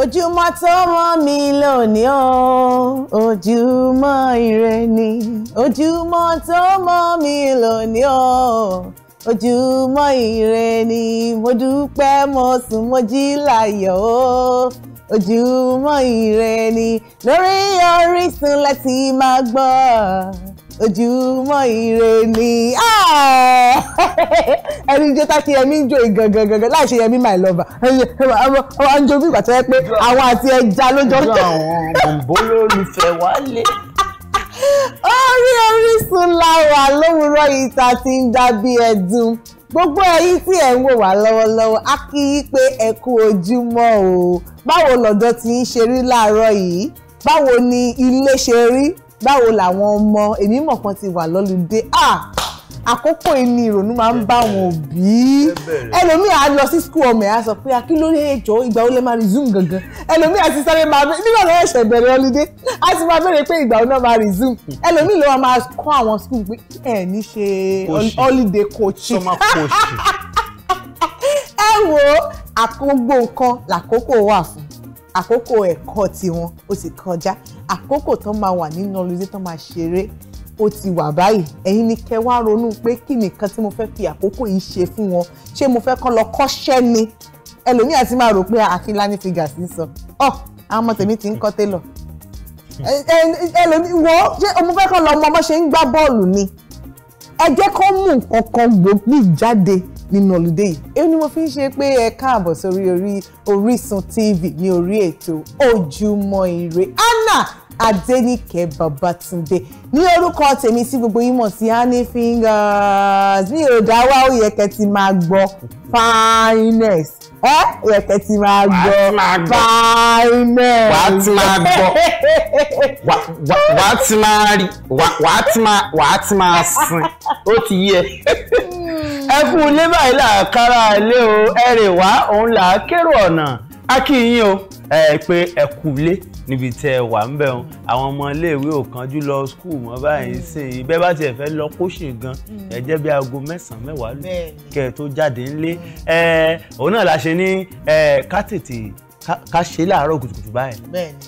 ojúmọ́ tó mọ́ mi lónìí o ojúmọ́ ire ni ojúmọ́ tó mọ́ mi lónìí o ire ni mo dúpẹ́ mo sùn mo jí láyọ̀ o ojúmọ́ ire ni lórí Orísun láti máa gbọ́ ojúmọ́ ire ni ẹni jẹ́ tá kí ẹmí ń jó gangan láì ṣe yẹmí my lover ọmọ ń jó bí ìgbà tó yẹ pé àwọn àti ẹja lójó. ojú àwọn bòǹbó lólùfẹ́ wa lé orí Orísun la wà lówùúrọ̀ yìí tá a ti ń dá bí ẹdun gbogbo ẹ̀yin tí ẹ ń wò wá lọ́wọ́lọ́wọ́ a kí i pé ẹ kú ojúmọ́ o báwo lọ́dọ̀ tí ń ṣe rí láàárọ̀ yìí báwo ni ilé ṣe rí báwo làwọn ọmọ èmi mọ̀ kan ti wà lọ́lùdé ah àkókò ìní ìrònú máa ń bá wọn òbí ẹlòmíì á lọ sí skul ọmọ ẹ á sọ pé a kí lórí èjò ìgbà wo lè máa resume gangan ẹlòmíì á ti sáré máa bẹ nígbà tó ẹsẹ̀ bẹ̀rẹ̀ ọlídé á ti máa bẹ̀rẹ̀ pé ìgbà wo náà máa resume ẹlòmíì ló máa kọ́ àwọn skul pé ẹ ní ṣe ọlídé coaching ẹ wo àkógbó nǹkan làkókò wà fún àkókò ẹ̀kọ́ tiwọn ó ti kọjá àkókò tó máa wà nínú ọlọ́dún tó máa ṣeré ó ti wà báyìí ẹ̀yin ni kẹ́ wá ronú pé kí nìkan tí mo fẹ́ fi àkókò yìí ṣe fún wọn ṣé mo fẹ́ kọ́ lọ kọ́ṣẹ́ ni ẹlòmíà ti máa rò pé àkínlá ní fìgà sí sọ ọ àwọn ọmọ tèmi ti ń kọ́ télọ̀ hmm. ẹlòmíì wọ́n ṣé mo fẹ́ kọ́ lọ ọmọ ọmọ ṣe ń gbá bọ́ọ̀lù ni ẹ jẹ́ kó mú nǹkan kan gbòógì jáde nínú olùdé yìí. èyí ni mo fi ń ṣe pé ẹ káàbọ̀ sórí orí Orísun TV ní orí ètò Ojúmọ́ Ire Anna Adéníkẹ́ Babátúndé ní orúkọ tèmi sí gbogbo yín mọ̀ sí honey fingers mi ò dá wá ó yẹ kẹ́ ti máa gbọ́ fineness ẹ yẹ kẹ́ ti máa gbọ́ fineness. wà ti máa gbọ́ wà á ti máa rí wà á ti máa sin ó ti yẹ. ẹ kú ilé báyìí làákàrà ilé o ẹrè wá òun là á kérò ọ̀nà a kí yín o ẹ pé ẹ kú ilé níbi tẹ ẹ wà ń bẹ o àwọn ọmọ iléèwé ò kánjú lọ skul mọ́ báyìí sí i bẹ́ẹ̀ bá tiẹ̀ fẹ́ lọ kóṣìn gan ẹ jẹ́ bí aago mẹ́sàn-án mẹ́wàá lù kẹ́ tó jáde ńlé ẹ òun náà la ṣe ní ká tètè ká ṣe láàárọ̀ kùtùkùtù báyìí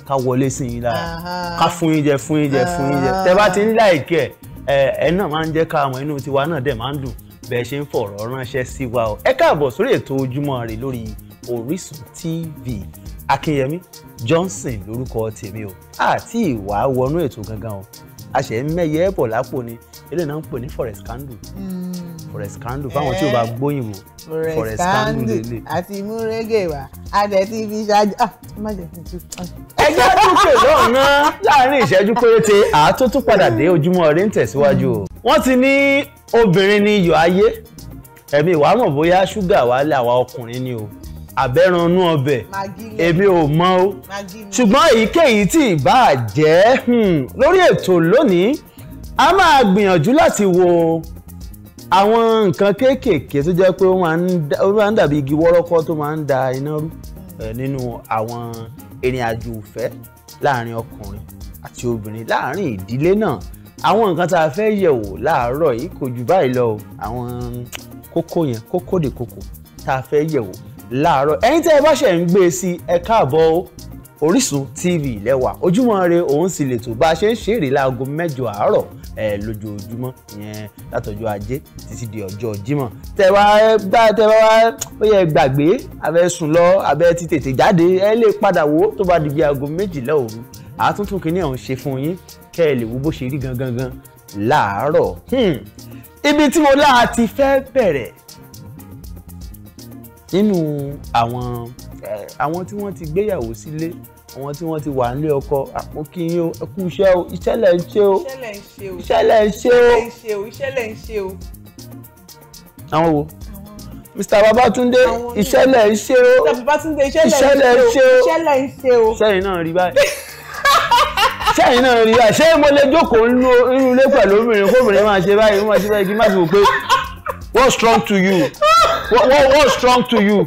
ká wọlé sí yín lára ká fún yín jẹ fún yín jẹ fún yín jẹ tẹ bá ti ń láìkẹ ẹ náà máa ń jẹ ká àwọn inú tiwa náà dẹ̀ máa ń dùn bẹ́ẹ̀ ṣe ń fọ̀rọ̀ ránṣẹ́ sí wa o ẹ káàbọ̀ sórí ètò ojúmọ́ rẹ lórí Orísun TV Akínyẹmí Johnson lórúkọ tèmi o àti ìwà wọnú ètò gangan o a ṣe ń mẹ́yẹ bọ̀ lápò ni eléyìí náà ń pè ní forest candle hmm. forest candle fáwọn tí o eh, bá gbóyìnbó forest candle lélẹ̀. àti múrégè wa adẹ tí fi ṣáájú ah má jẹ kí n tún. Ah. ẹjẹ́ àtúntò lọ́nà láàrin ìṣẹ́jú péréte àtúntò padà dé ojúmọ́ ire ń tẹ̀síwájú o. wọ́n ti ní obìnrin ni iyọ̀ ayé ẹ̀mí wàá mọ̀ bóyá ṣúgà wálé àwa ọkùnrin ni o àbẹ́ranú ọbẹ̀ èmi ò mọ̀ o ṣùgbọ́n èyíkéyìí tí ìbá jẹ́ hmm, lórí ètò lónìí a máa gbìyànjú láti wo àwọn nǹkan kéékèèké tó jẹ́ pé ó máa ń dàbí igi wọ́rọ́kọ́ tó máa ń da iná rú nínú àwọn ìrìn àjò ìfẹ́ láàrin ọkùnrin àti obìnrin láàrin ìdílé náà àwọn nǹkan tá a fẹ́ yẹ̀ wò láàárọ̀ yìí kò jù báyìí lọ àwọn kókó yẹn kókó de kókó tá a fẹ́ yẹ̀ wò láàárọ̀ ẹ̀yin tẹ́ ẹ bá ṣẹ̀ ń gbé e sí ẹ káàbọ̀ o Orísun TV lẹ́wà ojúmọ́ re òun sì lè tó bá a ṣe ń ṣeré láago mẹ́jọ àárọ̀ ẹ lójoojúmọ́ ìyẹn látọjọ́ ajé títí di ọjọ́ Jímọ̀ tẹ́ bá gbá tẹ́ bá wá ó yẹ gbàgbé abẹ́ sùn lọ abẹ́ ti tètè jáde ẹ lè padà wò tó bá di bí aago méjìlá òru àtúntún kìíní ṣe fún yín kẹ́ ẹ lè wo bó ṣe rí gangan láàárọ̀ hmm. ibi tí mo láà ti fẹ́ bẹ̀rẹ̀ nínú àwọn àwọn tí wọ́n ti gbéyàwó sílé àwọn tí wọ́n ti wà nílé ọkọ àpò o ẹ iṣẹ́ o iṣẹ́ ń ṣe o iṣẹ́ ń ṣe o iṣẹ́ ń ṣe o. àwọn wo mr babatunde iṣẹ́ ń ṣe o iṣẹ́ ń ṣe o iṣẹ́ ń ṣe o sẹ́yìn náà rí báyìí sẹ́yìn náà rí ṣé mo lè jókòó nínú ilé pẹ̀lú obìnrin kóbìnrin máa ṣe báyìí máa ṣe báyìí kí n má ti wò pé what's strong to you what, what's strong to you.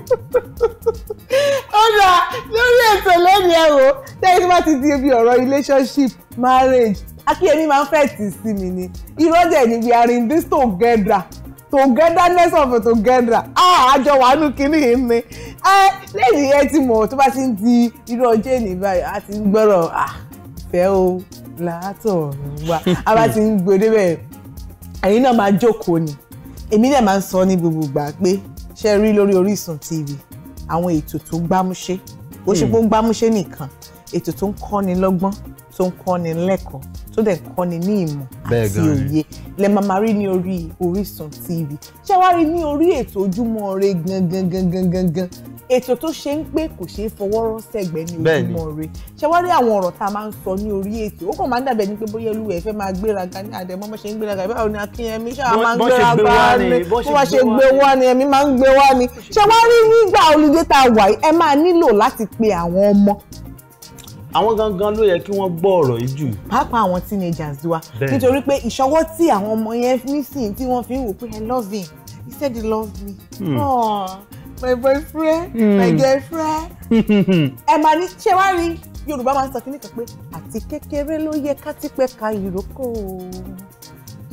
ọ̀nà lórí ètò lónìí ẹ̀ wò lẹ́yìn tí wọ́n ti di ibi ọ̀rọ̀ relationship marriage akíyèmí máa ń fẹ́ tì sí mi ni ìrọ́jẹ̀ ni we are in this together togetherness of a together ah àjọ wàánu kínní yìí ni lẹ́yìn ẹ ti mọ̀ tó bá ti ń di irú ọjọ́ ènìyàn báyìí a ti ń gbọ́rọ̀ ah ìfẹ́ o látọ̀run wá a bá ti ń gbé débẹ̀ ẹ̀yin náà máa jókòó ni èmi náà máa ń sọ ní gbogbo ìgbà pé ṣe rí lórí Orísun TV àwọn ètò tó gbámúṣé ó ṣe hmm. pé ó ń gbámúṣé nìkan ètò tó ń kọ́ni lọ́gbọ́n tó ń kọ́ni lẹ́kọ̀ọ́ tó dẹ̀ kọ́ni ní ìmọ̀ àti òye lẹ máa máa rí ní orí Orísun TV ṣé wàá rí ní orí ètò Ojúmọ́ Ire gangan gangan gangan ètò tó ṣe ń pé kò ṣeé fọwọ́ rọ́ sẹ́gbẹ́ ní Ojúmọ́ Ire ṣé wàá rí àwọn ọ̀rọ̀ tá a máa ń sọ ní orí ètò ó kàn máa ń dàbẹ̀ ni pé bóyá olúwẹ̀ fẹ́ máa gbéraga ní àdẹ̀mọ́ bó ṣe ń gbéraga báwo ni Akínyẹmí ṣáà máa ń gbéraga ní bó wá ṣe gbé wá ni ẹ̀mí máa ń gbé wá ni ṣé wàá rí nígbà olùdé a wà yìí ẹ máa nílò láti pe àwọn gangan ló yẹ kí wọ́n gbọ́ ọ̀rọ̀ yìí jù. pàápàá àwọn teenagers wa nítorí pé ìṣọwọ́ tí àwọn ọmọ yẹn nísìnyí tí wọ́n fi ń wò pé i love him he said he loves me. Hmm. Oh, my boyfriend hmm. my girlfriend. ẹ máa ní ṣé wàá rí yorùbá máa ń sọ kí nìkan pé àti kékeré ló yẹ ká ti pẹ́ ka ìrókò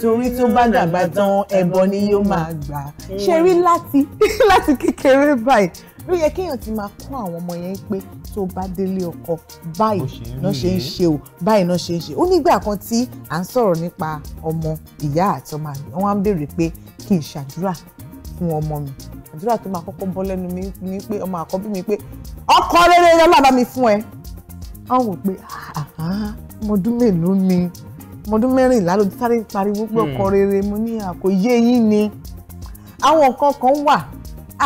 torí tó bá dàgbà tán ẹbọ ni yóò máa gbà ṣe rí láti láti kékeré báyìí ló yẹ kéèyàn ti máa kọ́ àwọn ọmọ yẹn pé tó bá délé ọkọ báyìí náà ṣe ń ṣe o báyìí náà ṣe ń ṣe o nígbà kan tí à ń sọ̀rọ̀ nípa ọmọ ìyá àti ọmọ àgbẹ̀ wọ́n á ń béèrè pé kí n ṣàdúrà fún ọmọ mi àdúrà tó máa kọ́kọ́ bọ́ lẹ́nu mi ni pé ọmọ àkọ́bí mi pé ọkọ rere ni ọlọ́ba mi fún ẹ. wọ́n wò pé ọmọdún mélòó ni ọmọdún mẹ́rìnlá ló sáré pariwo pé hmm. ọkọ rere mo ní àkòyé yín ni àwọn nǹkan kan wà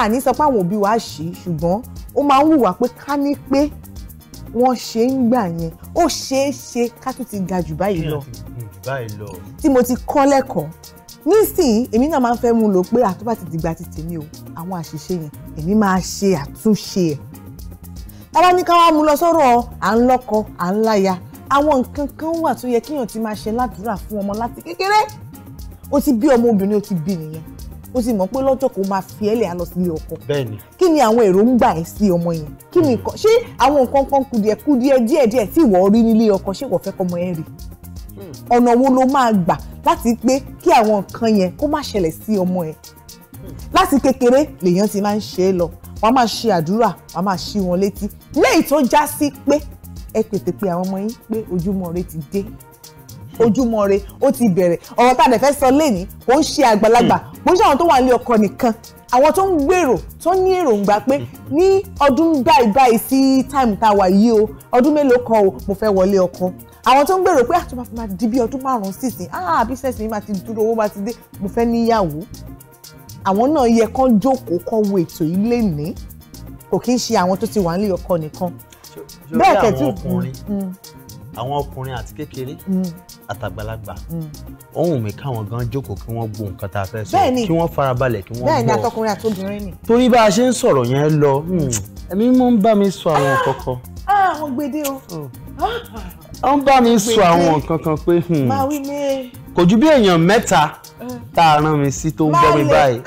àní sọ pé àwọn òbí wa ṣì ṣùgbọ́n ó máa ń wùwà pé ká ní pé wọ́n ṣe ń gbà yẹn ó ṣeé ṣe ká tún ti ga jù báyìí lọ tí mo ti kọ́ lẹ́kọ̀ọ́ nísìnyí èmi náà máa ń fẹ́ mú lò pé àtúbà ti dìgbà ti tèmi o àwọn àṣìṣe yẹn èmi máa ṣe àtúnṣe ẹ̀ tábà ní ká wá mú lọ sọ̀rọ̀ à ń lọ́kọ à ń láya àwọn nǹkan kan wà tó yẹ kíyàn ti máa ṣe ládùúrà fún ọmọ láti kékeré o ti bí ọmọ obìnrin o ti bí nìyẹn o sì mọ̀ pé lọ́jọ́ kó máa fi ẹ́ lè àná sílé ọkọ. bẹ́ẹ̀ni. kí ni àwọn èròǹgbà ẹ sí ọmọ yẹn kí ni hmm. nǹkan ṣé àwọn nǹkan kan kùdìẹ̀ kùdìẹ̀ díẹ̀ díẹ̀ tí ìwọ rí nílé ọkọ ṣé ìwọ fẹ́ kọ́mọ yẹn rí. Hmm. ọ̀nà wo ló máa gbà láti pé kí àwọn nǹkan yẹn kó má ṣẹlẹ̀ sí ọmọ yẹn. Hmm. láti kékeré lèèyàn ti máa ń ṣe é lọ wàá máa ṣe àdúrà wàá máa ṣí wọn létí lẹ́yìn tó já sí pé ẹ pètè pé àwọn ọmọ yín pé ojúmọ́ ire ti dé ojúmọ́ re ó ti bẹ̀rẹ̀ ọ̀rọ̀ tá a dẹ̀ fẹ́ sọ lẹ́ni kò ń ṣe àgbàlagbà hmm. kò ń ṣe àwọn tó wà nílé ọkọ nìkan àwọn tó ń gbèrò tó ní èròǹgbà pé hmm. ní ọdún báyìí báyìí sí táìmù tá a wà yìí o ọdún mélòó kan o mo fẹ́ wọlé ọkọ àwọn tó ń gbèrò pé àtúbà ah, fún ma di bí ọdún márùn-ún sísìn ah business mi máa ti dúró owó máa ti dé mo fẹ́ níyàwó àwọn náà yẹ kán jókòó kán wo ètò yìí lénìí kò kí ń ṣe àwọn tó ti wà nílé ọkọ nìkan bẹ́ẹ̀ kẹ́tù àwọn ọkùnrin àti kékeré mm. àtàgbàlagbà mm. ohun mi káwọn gan jókòó kí wọ́n gbọ́ nǹkan tá a fẹ́ sọ kí wọ́n farabalẹ̀ kí wọ́n gbọ́ bẹ́ẹ̀ ni àtọkùnrin àtobìnrin ni. torí bá a ṣe ń sọ̀rọ̀ yẹn lọ hmm, ẹ̀mí mọ́ ń bá mi sọ àwọn kọ̀ọ̀kan. Ah! Ah, àwọn gbèdé o. wọ́n hmm. ah! bá mi sọ àwọn kankan hmm, pé kò ju bí èèyàn mẹ́ta eh. tá a rán mi sí tó ń gbọ́ mi báyìí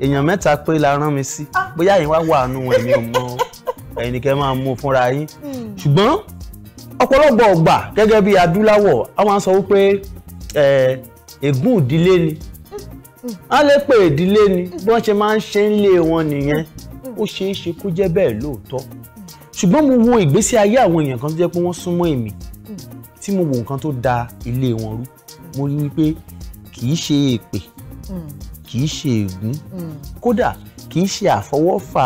èèyàn mẹ́ta pé la rán mi sí bóyá yín wá wà nù ẹ̀mí ò mọ ẹ̀yin ọ̀pọ̀lọpọ̀ ọgbà gẹ́gẹ́ bí adúláwọ̀ a máa ń sọ wípé ègún ìdílé ni a lè pè ìdílé ni bí wọ́n ṣe máa ń ṣe ń lé wọn nìyẹn ó ṣeé ṣe kó jẹ́ bẹ́ẹ̀ lóòótọ́ ṣùgbọ́n mo wo ìgbésí ayé àwọn èèyàn kan tó jẹ́ pé wọ́n súnmọ́ èmi tí mo wo nǹkan tó da ilé wọn rú mo rí i pé kì í ṣe èpè kì í ṣe ègún kódà kì í ṣe àfọwọ́fà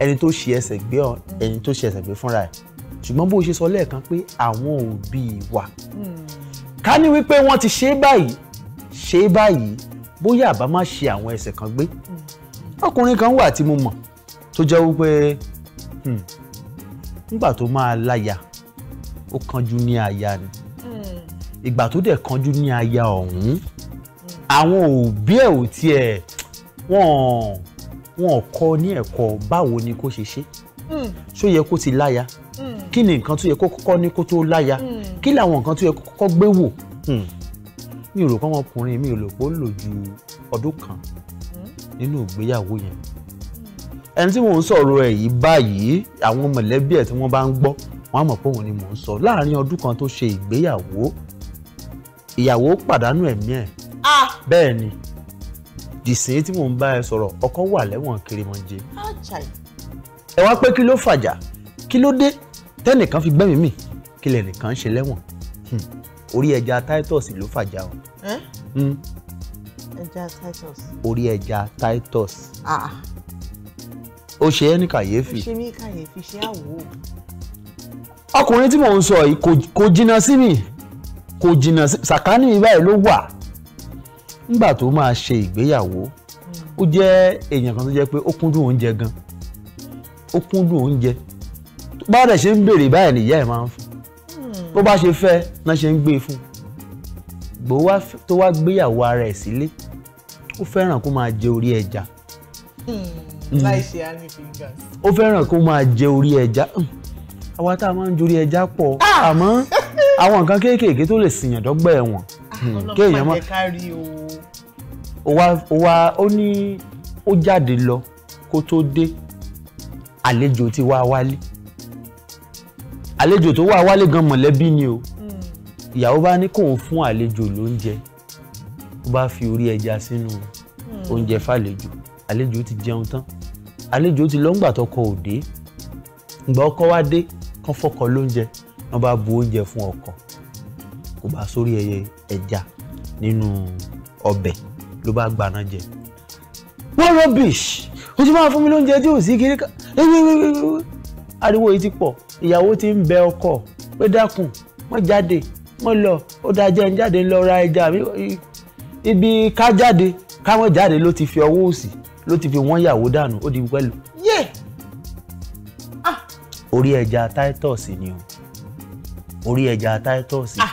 ẹni tó ṣe ẹsẹ̀ gbé ẹni tó ṣe ẹsẹ̀ gbé fúnra ẹ̀ ṣùgbọ́n bó ṣe sọ lẹ́ẹ̀kan pé àwọn òbí wa hmm. ká ní wípé wọ́n ti ṣe é báyìí ṣe é báyìí bóyá àbá má ṣe àwọn ẹsẹ̀ kan gbé hmm. ọkùnrin kan wà tí mo mọ̀ tó jẹ́ wípé hmm, nígbà tó máa láya ó kanjú ní aya ni ìgbà tó dẹ̀ kanjú ní aya ọ̀hún àwọn òbí ẹ̀ ò tiẹ̀ wọ́n wọ́n kọ́ ní ẹ̀kọ́ báwo ni kó ṣe ṣe ṣó yẹ kó ti láya Mm. kí ni nǹkan tó yẹ kó kọ́kọ́ ní kó tó láya mm. kí làwọn nǹkan tó yẹ kó kọ́kọ́ gbé wò mm. mi ò rò pé ọmọkùnrin mi ò lò pé ó lò ju ọdún kan nínú ìgbéyàwó yẹn ẹni tí mò ń sọ̀rọ̀ ẹ̀ yìí báyìí àwọn mọ̀lẹ́bí ẹ̀ tí wọ́n bá ń gbọ́ wọ́n á mọ̀ pé òun ni mò ń sọ láàárín ọdún kan tó ṣe ìgbéyàwó ìyàwó pàdánù ẹ̀mí ẹ̀ ah! bẹ́ẹ̀ ni dìsín tí mò ń bá ẹ sọ̀rọ̀ ọkọ wà lẹ́wọ̀n Kéré Mọ́njẹ ẹ wá pé kí ló fàjà kí ló dé tẹ́nìkan fi gbẹ́mìí mì kílẹ̀ nìkan ṣe lẹ́wọ̀n hmm. orí ẹja titus ló fàjà o. Hmm. ẹja titus. orí ẹja titus. Ah. ó ṣe é ní kàyéfì. ṣe mí kàyéfì ṣe àwò. ọkùnrin tí mò ń sọ yìí kò jìnnà sí mi kò jìnnà sàkání mi báyìí ló wà nígbà tó máa ṣe ìgbéyàwó hmm. ó jẹ́ èèyàn kan tó jẹ́ pé ó kúndùn oúnjẹ gan ó kúndùn oúnjẹ báwọn ẹ̀ ṣe ń béèrè báyìí nìyá ẹ̀ máa ń fún hmm. bó bá ṣe fẹ́ náà ṣe ń gbé e fún gbòó tó wá gbéyàwó ara ẹ̀ sílé ó fẹ́ràn kó máa jẹ orí ẹja. Hmm. Hmm. ó fẹ́ràn kó máa jẹ orí ẹja àwa tá a máa ń jorí ẹja pọ̀ ah! àmọ́ àwọn nǹkan kéékèèké tó lè sìyàn dọ́gbà ẹ̀wọ̀n ah, kéèyàn má ó wá ó wá ó ní ó jáde lọ kó tó dé àlejò ti wá wálé àlejò tó wà wálé gan mọ̀lẹ́bí ni o hmm. ìyàwó bá ní kóun fún àlejò lóúnjẹ ó bá fi orí ẹja sínú hmm. oúnjẹ fàlejò àlejò ti jẹun tán àlejò ti lọ́ngbà tọkọ òde ìgbà ọkọ wá dé kán fọkọ lóúnjẹ wọn bá bu oúnjẹ fún ọkọ kò bá sórí ẹyẹ ẹja nínú ọbẹ̀ ló bá gbaná jẹ wọ́n rubbish ó ti máa fún mi lóúnjẹ tí ò sí kiri ká ariwo yìí ti pọ̀ ìyàwó ti ń bẹ ọkọ pé dákun wọ́n jáde wọ́n lọ ó dáa jẹ́ ń jáde lọ ra ẹja ibi ká jáde káwọn jáde ló ti fi ọwọ́ òsì ló ti fi wọ́n yàwó dànù ó di pẹ́lú. yé ah! orí ẹja titus ni o orí ẹja titus ah!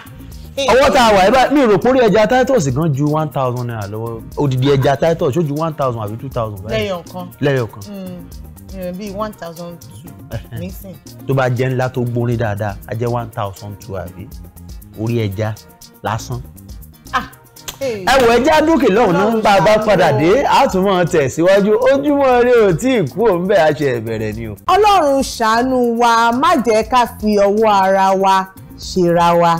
ọwọ́ tá a wà yìí mi rò pé orí ẹja titus gan ju one thousand naira lọ́wọ́ odidi ẹja titus ó ju one thousand àbí two thousand. lẹ́yọ̀ kan lẹ́yọ̀ kan. Hmm, bí one thousand two nísìn. tó bá jẹ́ ńlá tó gbórin dáadáa á jẹ́ one thousand two àbí orí ẹja lásán. Ah, ẹ wọ ẹja dúkì lọ́hùn náà ń bá a bá padà dé àtúmọ̀ tẹ̀síwájú ojúmọ́ rẹ ò tí ì kú òun bẹ́ẹ̀ á ṣe ìbẹ̀rẹ̀ ni o. ọlọ́run ṣàánú wa má jẹ́ ká fi ọwọ́ ara wa ṣera wa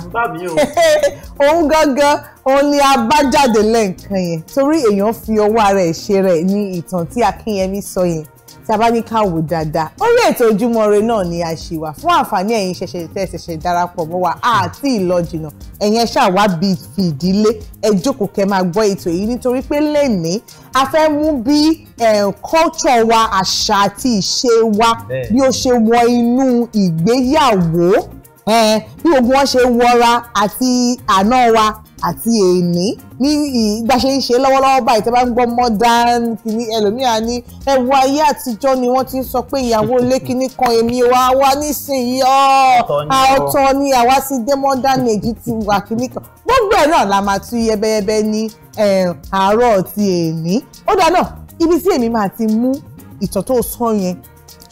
òun gangan òun ni abájáde lẹ́ǹkan yẹn torí èèyàn fi ọwọ́ ara ẹ̀ ṣe rẹ̀ ní ìtàn tí Akínyẹmí sọ yẹn tàbá ní ká wò dáadáa orí ètò Ojúmọ́ Ire náà ni a ṣì wà fún àǹfààní ẹ̀yin ṣẹ̀ṣẹ̀ tẹ́ darapọ̀ mọ́ wa àti ìlọjìnà ẹ̀yin ẹ ṣáà wá bí fìdílé ẹ jókòó kẹ́ máa gbọ́ ètò yìí nítorí pé lẹ́nìí a fẹ́ mú bí eh, culture wa àṣà àti ìṣe wa bí ó ṣe wọ inú ìgbéyàwó eh, bí ogun wọn ṣe wọra àti àná wa àti èní ní ìgbà ṣe ń ṣe lọ́wọ́lọ́wọ́ báyìí tẹ́ bá ń gbọ́ modern kìíní ẹlòmíà ní ẹ̀wù ayé àtijọ́ ni wọ́n ti ń sọ pé ìyàwó ilé kan èmi wa wá nísìnyí ọ̀tọ̀ ni àwa ti dé modern èjì ti wà kìíní kan gbogbo ẹ̀ náà la máa tú yẹbẹyẹbẹ ní àárọ̀ ti èní ó dáa náà ibi tí èmi máa ti mú ìtọ̀ tó sọ yẹn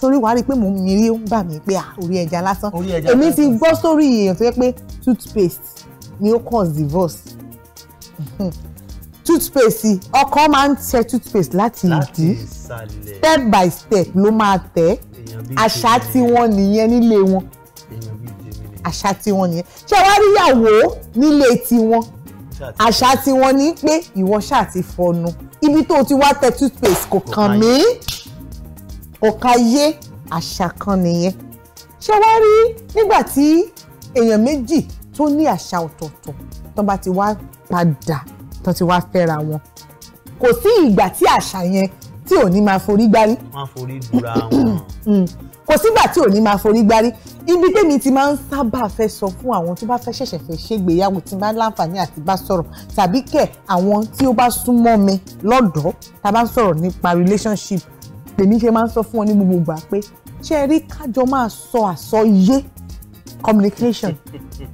torí wàá rí i pé mò ń mirí ń bà mí pé orí ẹja lásán èmi ti gbọ́ sórí èèyàn tó yẹ pé toothpaste ni ó cause divorce toothpaste ọkọ máa ń tẹ toothpaste láti ìdí step by step ló máa tẹ àṣà tí wọ́n nìyẹn nílé wọn àṣà tí wọ́n nìyẹn ṣé wàá rí ìyàwó nílé tiwọn àṣà tí wọ́n ní pé ìwọ ṣáà ti fọnu ibi tó o ti wá tẹ toothpaste kò kàn mí kò kàn yé àṣà kan nìyẹn ṣé wàá rí nígbà tí èèyàn méjì tó ní àṣà ọ̀tọ̀ọ̀tọ̀ tó bá ti wá padà tó ti wá fẹ́ra wọn kò sí ìgbà tí àṣà yẹn tí ò ní máa forí gbárí. wọ́n á forí dura wọn. Mm. kò sígbà tí ò ní máa forí gbárí ibi tẹ́mi ti máa ń sábà fẹ́ sọ fún àwọn tó bá fẹ́ ṣẹ̀ṣẹ̀ fẹ́ ṣègbéyàwó tí máa ń láǹfààní àti bá sọ̀rọ̀ tàbí kẹ̀ àwọn tí ó bá súnmọ́ mi lọ́dọ̀ọ́ tá a bá ń sọ̀rọ̀ nípa relationship tèmi ṣe máa ń sọ fún wọn ní gbogbo ìgbà pé ṣé rí kájọ máa sọ àsọyé communication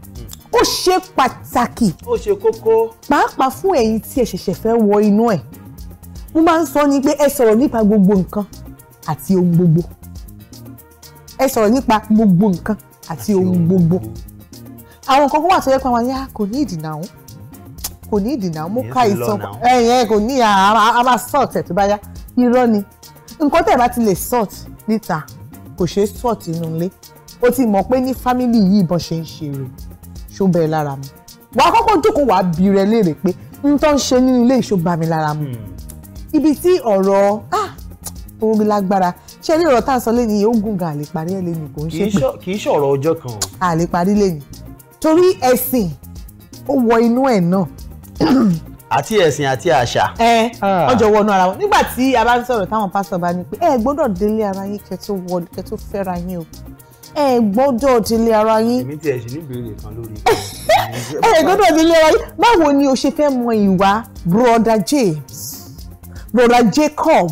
ó ṣe pàtàkì. ó ṣe kókó. pàápàá fún ẹ̀yin tí ẹ ṣẹ̀ṣẹ̀ fẹ́ wọ inú ẹ̀ mo máa ń sọ ni pé ẹ sọ̀rọ̀ nípa gbogbo nǹkan àti ohun gbogbo ẹ sọ̀rọ̀ nípa gbogbo nǹkan àti ohun gbogbo àwọn nǹkan kan wà tó yẹ pé àwọn yá ah, kò ní ìdìnnà òun kò ní ìdìnnà òun mo ka ìtàn ẹ̀yìn ẹ̀ kò ní a máa sort ẹ̀ tó bá yá irọ́ ni nǹkan tẹ̀ bá ti lè sort níta kò ṣeé sort inú ilé O ti mọ̀ pé ní fámìlì yìí ìbọn ṣe ń ṣe rèé ṣó bẹ̀rẹ̀ lára mu wàá kọ́kọ́ jókòó wàá bi rẹ léèrè pé n tó ń ṣe nínú ilé ìṣó bá mi lára mu hmm. ibi tí ọ̀rọ̀ ah orí lágbára ṣé ní ọ̀rọ̀ tá a sọ lẹ́nu yìí ó gùn gan àlè parí ẹ̀ lẹ́nu kò ń ṣe pé kì í ṣọ̀rọ̀ ọjọ́ kan o àlè parí lẹ́nu torí ẹ̀sìn ó wọ inú ẹ̀ náà. àti ẹ̀sìn àti àṣà. ẹ ọjọ́ ah. wọnú ara wọn nígbà tí a bá ń sọ̀rọ̀ táwọn pásítọ̀ bá ní pé ẹ gbọ́dọ̀ délé ara yín kẹ́ tó fẹ́ra yín o ẹ gbọ́dọ̀ ti lé ara yín. èmi tiẹ̀ ṣì ní ìbéèrè kan lórí. ẹ gbọ́dọ̀ ti lé ara yín báwo ni o ṣe fẹ́ mọ ìwà brother James brother Jacob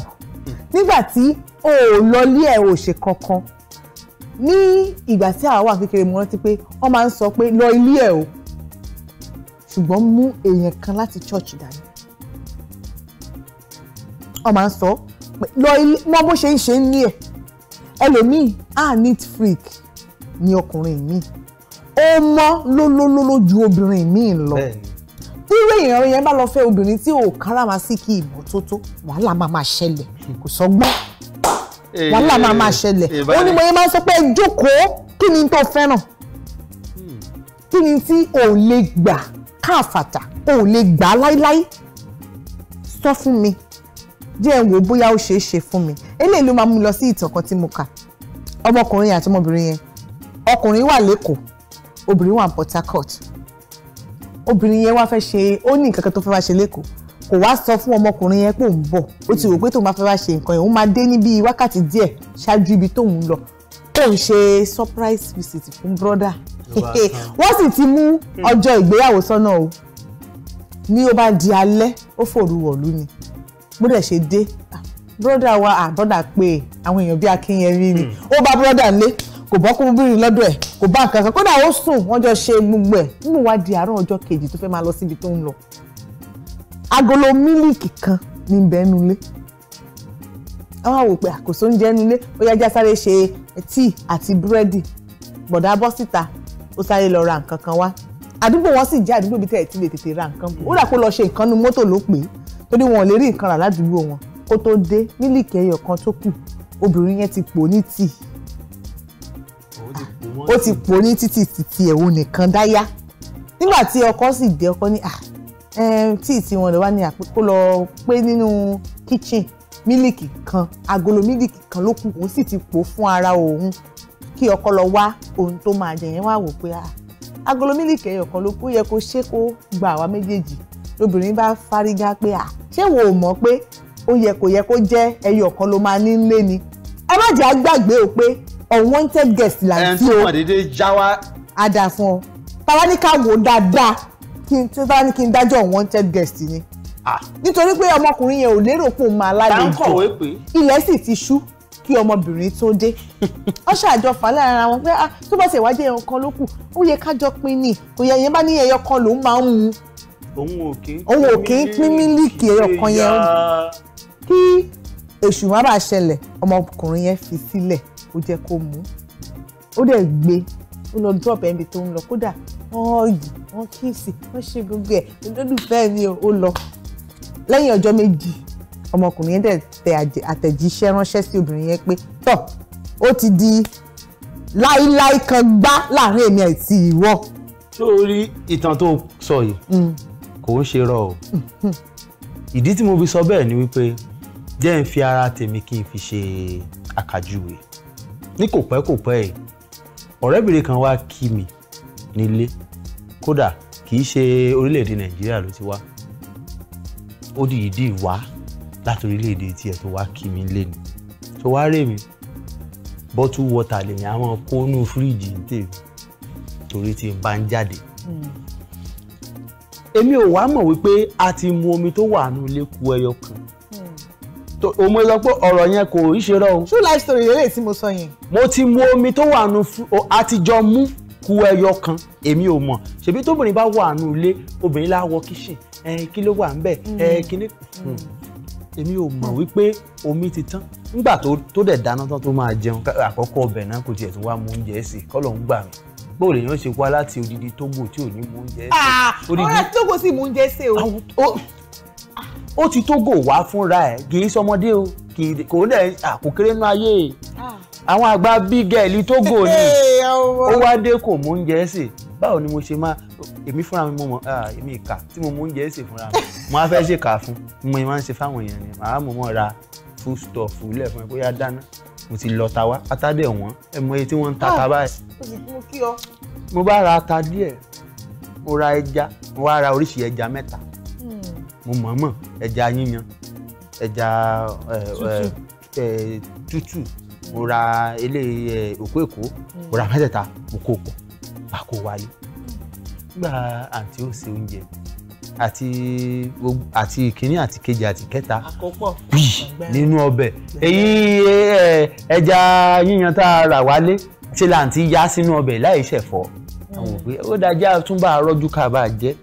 nígbà tí o ò lọlé ẹ ò ṣe kankan ní ìgbà tí àwa wà kékeré mo rántí pé wọ́n máa ń sọ pé lọ ilé ẹ o ṣùgbọ́n mú èèyàn kan láti church dání wọ́n máa ń sọ lọ ilé mọ bó ṣe ń ṣe ń ní ẹ̀ ẹlòmíì á need freak ni ọkùnrin mi O mọ́ lólólóló ju obìnrin mi lọ tíwé èèyàn yẹn bá lọ fẹ́ obìnrin tí ò káràmásìkì ìmọ́tótó wàhálà máa máa ṣẹlẹ̀ kò sọ́gbọ́n eh, wàhálà máa máa ṣẹlẹ̀ eh, ó ní mo yẹn máa sọ pé jókòó kí ni tó fẹ́ràn hmm. kí ni tí ò lè gbà káàfàtà ò lè gbà láíláí sọ fún mi jẹ́ ń wò bóyá ó ṣeé ṣe fún mi eléyìí ló máa mú lọ sí ìtàn kan tí mo kà ọmọkùnrin àti ọmọbìnrin yẹn ọkùnrin wà lẹ́kọ̀ọ́ obìnrin wà ní Port Harcourt obìnrin yẹn wá fẹ́ ṣe ó ní nǹkan kan tó fẹ́ wá ṣe lẹ́kọ̀ọ́ kò wá sọ fún ọmọkùnrin yẹn pé òun bọ̀ ó ti rò pé tóun bá fẹ́ wá ṣe nǹkan yẹn òun máa dé ní wákàtí díẹ̀ ṣáájú ibi tóun lọ tóun ṣe surprise visit fún brother wọ́n sì ti mú ọjọ́ ìgbéyàwó sọ́nà o ní ó bá di alẹ́ ó fòru wọ̀lú bó dẹ̀ ṣe dé ah, bọ́dà wa àbọ́dà ah, pé àwọn èèyàn bíi akínyẹmí ni hmm. ó bá bọ́dà lé kò bọ́ kún bírin lọ́dọ̀ ẹ̀ kò bá nǹkan kan kódà ó sùn wọ́n jọ ṣe gbogbo ẹ̀ nínú wa di àárọ̀ ọjọ́ kejì tó fẹ́ máa lọ síbi tó ń lọ agolo mílìkì kan ní bẹ́ẹ̀nu lé àwọn àwò pé àkóso ah, oúnjẹ nílé ó yá já sáré ṣe tíì àti búrẹ́dì bọ̀dá bọ́ síta ó sáré lọ ra nǹkan kan wá àdúgbò wọn sì jẹ́ àdúgbò bíi tẹ̀ ẹ̀ tí lè tètè ra nǹkan bò ó dà kó lọ ṣe nǹkan nu mọ́tò ló pè é torí wọn ò lè rí nǹkan rà ládùúgbò wọn kó tó dé mílìkì ẹyọ kan tó kù obìnrin yẹn ti pò ní tì ó ti pò ní títì títì ẹ̀wọ̀n nìkan dáyà nígbà tí ọkọ sì dé ọkọ ní ah, tíì tí wọn lè wá ní àpékó lọ pé nínú kitchen mílìkì kan agolo mílìkì kan ló kù òun sì ti pò fún ara òun kí ọkọ lọ wá ohun tó máa jẹ yẹn wá wò pé ah, agolo mílìkì ẹyọ kan ló kù ó yẹ kó ṣe kó gba àwa méjèèjì lóbìnrin bá fárígá pé à ṣé wo ò mọ̀ pé ó yẹ kò yẹ kó jẹ́ ẹyọ kan ló máa ní nílé ni ẹ má jẹ́ àgbàgbé o pé unwanted guest là ń tí o ẹ̀ ń tó dédé já wá. a dà fún ọ tàwa ní ká wò ó dáadáa kí n tó bá ní kí n dájọ́ unwanted guest ni nítorí pé ọmọkùnrin yẹn ò lérò pé òun máa lálejò ilẹ̀ sì ti ṣú kí ọmọbìnrin tó dé wọ́n ṣàjọ fà lára wọn pé tó bá ṣe ìwádìí ẹyọ kan ló kù ó yẹ kájọ pin ni kò yẹ yẹn bá ní ẹyọ kan lòún máa ń mu òun ò kí òun ò kí pín mílíkì ọkàn yẹn kí èṣù má bàa ṣẹlẹ̀ ọmọkùnrin yẹn fi sílẹ̀ ó jẹ́ kó mú ó dẹ̀ gbé ó lọ drop ẹni tó ń lọ kódà wọ́n yìí wọ́n kíìsì wọ́n ṣe gbogbo ẹ̀ olólùfẹ́ mi ó lọ lẹ́yìn ọjọ́ méjì ọmọkùnrin yẹn dẹ̀ tẹ àtẹ̀jíṣẹ́ ránṣẹ́ sí obìnrin yẹn pé tọ̀ ó ti di láíláí kan gbá láàrin èmi àti ìwọ. sórí ìtàn tó sọ yìí mm kò ń ṣe rọ o ìdí tí mo fi sọ bẹ́ẹ̀ ni wípé jẹ́ ń fi ara tèmi kí n fi ṣe àkàjúwe ní kò pẹ́ kò pẹ́ ẹ̀ ọ̀rẹ́bìnrin kan wá kí mi nílé kódà kì í ṣe orílẹ̀-èdè nàìjíríà ló ti wá ó dìídì wá láti orílẹ̀-èdè tiẹ̀ tó wá kí mi lé ni tó wá rè mí bọ́tú wọ́tà lèmi àwọn kónú fíríjì ń tèmi torí tí n bá ń jáde hmm èmi ò wá mọ̀ wípé a ti mu omi tó wà nù ilé ku ẹyọ kan òmò sọ pé ọ̀rọ̀ yẹn kò í ṣe rọ true life story lélẹ̀ tí mo sọ yẹn. mo ti mu omi tó wà nù àtijọ́ mú ku ẹyọ kan èmi ò mọ̀ ṣebí tóbìnrin bá wà nù ilé obìnrin lá wọ kíṣìn ẹ kí ló wà ń bẹ mm-hmm. ẹ kíní hmm. èmi ò mọ̀ wípé omi ti tán nígbà tó dẹ̀ dáná tán tó máa jẹun àkọ́kọ́ ọbẹ̀ náà kò tiẹ̀ tó wá mú oúnjẹ sí kọ́ ló ń gbà mí báwo lèyàn ṣe wá láti odidi Togo tí ò ní mú oúnjẹ ṣe. Ah, ọ̀rẹ́ Togo sì mú oúnjẹ ṣe o. ó ti Togo wá fúnra ẹ̀ kì í ṣọmọdé o kò ń dẹ̀ àkókèrè nínú ayé ah. àwọn àgbà bí gẹ̀ẹ́lì Togo ni ó wá dé kò mú oúnjẹ ṣe báwo ni mo ṣe máa èmi fúnra mi mo mọ èmi ìka tí mo mú oúnjẹ ṣe fúnra mi mo á fẹ́ ṣèkà fún mo máa ń ṣe fáwọn èèyàn ni màá mọ̀ mọ́ ra fústọ̀fù lẹ̀ fún ẹ bóyá dáná mo ti lọ ta wá ata dẹ̀ wọ́n ẹ mọ iye tí wọ́n ń ta ta ah, báyìí. mo kí ọ. mo bá ra ata díẹ̀ mo ra ẹja mo wá ra oríṣi ẹja mẹ́ta hmm. mo mọ̀ọ́mọ̀ ẹja yíyan ẹja tútù mo ra ilé òkú èkó mo ra mẹ́tẹ̀ẹ̀ta mo kó pọ̀ bá kó wálé hmm. nígbà àǹtí ó ṣe oúnjẹ àti àti ìkíní àti kejì àti kẹta nínú ọbẹ̀ èyí ẹja yíyan tá a rà wálé ṣe là ń ti yá sínú ọbẹ̀ láì ṣẹ̀fọ́ àwọn òbí ó dájá tún bá a rọ́jú ká bá a jẹ́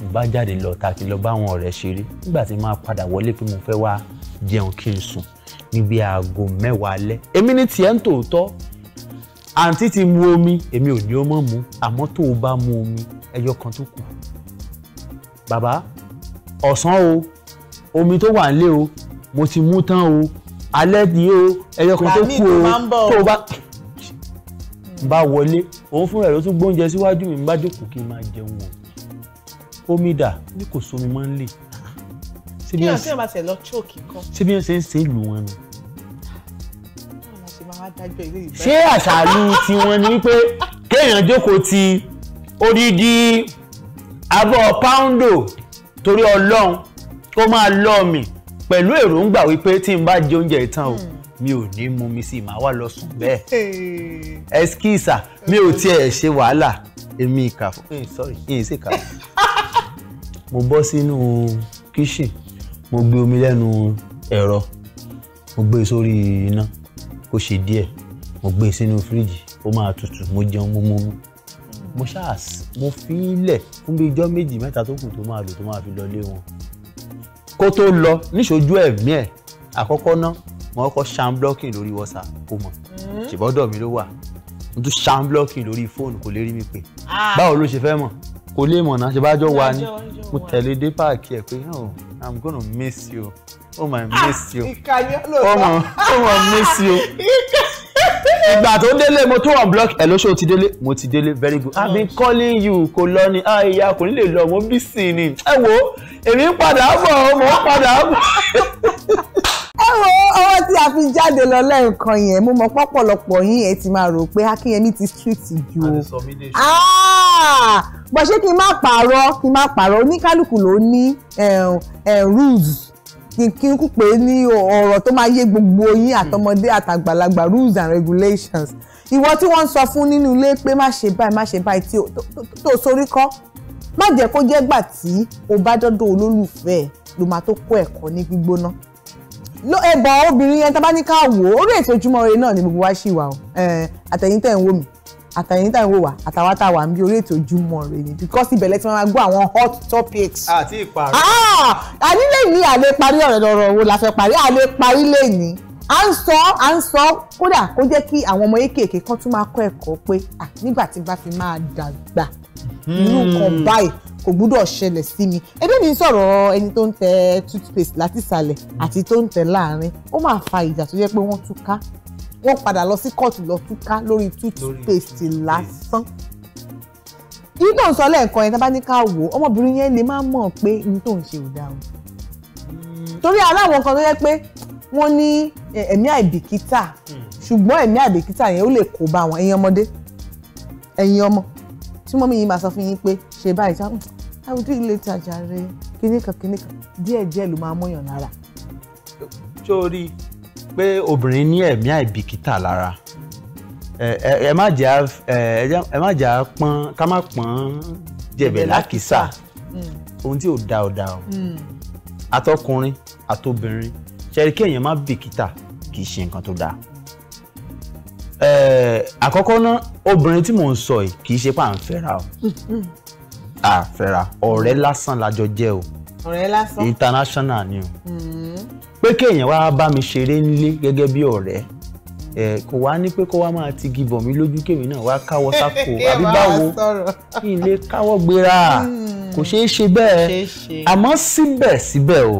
mo bá jáde lọ tàbí lọ bá àwọn ọ̀rẹ́ ṣeré nígbà tí máa padà wọlé pé mo fẹ́ wá jẹun kí n sùn níbi aago mẹ́wàá alẹ́ èmi ní tiẹ̀ ń tòótọ́ àǹtí ti mu omi èmi ò ní ó mọ̀ mu àmọ́ tó o bá mu omi ẹyọ kan tó kù bàbá ọ̀sán o omi tó wà nílé o mo ti mú tán o alẹ́ ni o ẹyọ kan tó kù o tó o bá bá wọlé òun fúnra ẹ̀ ló tún gbóúnjẹ síwájú mi bá jókòó kí n máa jẹun o omi dà bí kò sómi máa ń lè. kí ni àti ìbá tẹ̀ lọ chóòkì kan. ṣé bí wọ́n ṣe ń ṣe ìlú wọn nù. ṣé àṣà tiwọn ni wípé kéèyàn jókòó ti odidi àbọ̀ páúndò torí ọlọ́run kó máa lọ́ mi pẹ̀lú èròǹgbà wípé tí n bá jẹ oúnjẹ ìtàn o hmm. mi ò ní mú mi sí i màá wà lọ sùn bẹ́ẹ̀ ẹskísà mi ò tiẹ̀ ṣe wàhálà èmi ìkà fún ẹ eh, sorry ẹ ṣe kà fún mo bọ́ sínú kíṣìn mo gbé omi lẹ́nu ẹ̀rọ mo gbé e sórí iná kó ṣe díẹ̀ mo gbé e sínú fíríjì ó máa tutù mo jẹun mo mú mú mo ṣáà mo fi í lẹ̀ fún bí ijọ́ méjì mẹ́ta tó kù tó máa lò tó máa fi lọ wọn kó tó lọ níṣojú ẹ̀mí ẹ̀ àkọ́kọ́ náà mo kọ́kọ́ ṣan blocking lórí WhatsApp kó mọ̀ mm-hmm. ṣèbọ́dọ̀ mi ló wà mo tún ṣan blocking lórí fóònù kò lè rí mi pé ah. báwo ló ṣe fẹ́ mọ̀ kò lè mọ̀ náà ṣe bá jọ wà ní mo tẹ̀lé dé páàkì ẹ̀ pé oh i'm gonna miss you oh my miss ah, you oh my oh my miss you. ìgbà tó délé mo tún unblock ẹ̀ lóṣù ti délé mo ti délé very good i been calling you kò lọ ni àyà ah, kò ní lè lọ mo bí sí ni ẹ wo èmi ń padà bọ̀ mo ń padà bọ̀. ẹ wo ọwọ́ tí a fi jáde lọ lẹ́ẹ̀kan yẹn mo mọ pọ́pọ̀lọpọ̀ yín ẹ ti máa rò pé akínyẹmí ti street ju o ah! bọ̀ ṣé kí n má pààrọ̀ kí n má pààrọ̀ oníkálukú ló ní eh, eh, rules kí n kú pé ní ọ̀rọ̀ tó máa yé gbogbo yín àtọmọdé àtàgbàlagbà rules and regulations ìwọ tí wọ́n ń sọ fún nínú ilé pé má ṣe báyìí má ṣe báyìí tí tó sórí kọ́ má jẹ́ kó jẹ́ gbà tí o bá dọ́dọ̀ olólùfẹ́ ló máa tó kó ẹ̀kọ́ ní gbígbóná ló ẹbọ obìnrin yẹn tá bá ní ká wò ó orí ètò Ojúmọ́ Ire náà ni gbogbo wa ṣì wà o àtẹ̀yìntẹ̀ ń wò mí àtẹ̀yìn tá à ń wò wá àtàwọn tá a wà ń bí orí ètò Ojúmọ́ Ire ni because ibẹ̀lẹ̀ tí wọ́n máa gbọ́ àwọn hot topics. àti ìparí. ànílẹ̀ ah! ní àlè parí ọ̀rẹ́ lọ́rọ̀ wo la fẹ́ parí àlè parí lè ní. à ń sọ à ń sọ kódà kó jẹ́ kí àwọn ọmọ kéékèèké kan tún máa kọ́ ẹ̀kọ́ pé nígbà tí bá fi máa dàgbà hmm. inú kan báyìí kò gbúdọ̀ ṣẹlẹ̀ sí mi ẹbí mi sọ̀rọ̀ ẹni tó ń tẹ toothpaste láti ìsàlẹ̀ àti tó ń tẹ láàrin ó máa fa ìjà tó jẹ́ pé wọ́n túká wọ́n padà lọ sí Kọ́ọ̀tù lọ túká lórí toothpaste lásán yìí tó sọ lẹ́ẹ̀kan yẹn tá bá wò ọmọbìnrin yẹn lè má mọ̀ pé n tó ń ṣe ò dáa hmm. torí aláwọn kan tó yẹ pé wọ́n ní ẹ̀mí àìbìkítà hmm. ṣùgbọ́n ẹ̀mí àìbìkítà yẹn ó lè kó bá wọn ẹ̀yin ọmọ tí mọ́mí yìí máa sọ fún yín pé ṣe báyìí hmm, àwùjọ pé obìnrin ní ẹ̀mí àìbìkítà lára ẹ má jẹ́ ẹ má jẹ́ pọ́n ká má pọ́n jẹ̀bẹ̀ lákìsà mm. ohun tí ò da ò da o àtọkùnrin mm. àtobìnrin ṣẹ́rí kí èèyàn má bìkítà kì í ṣe nǹkan tó dáa àkọ́kọ́ ná obìnrin tí mò ń sọ yìí kì í ṣe pà ń fẹ́ra o mm, àfẹ́ra ọ̀rẹ́ lásán lájọ jẹ́ o ọ̀rẹ́ lásán international ni o pé kéèyàn wá bá mi ṣeré nílé gẹ́gẹ́ bí ọ̀rẹ́ ẹ kò wá ní pé kó wá máa ti gibọ̀ mí lójú kémi náà wá káwọ́ sáko àbí báwo kí n lè káwọ́ gbéra hmm. kò ṣeé ṣe bẹ́ẹ̀ àmọ́ síbẹ̀síbẹ̀ o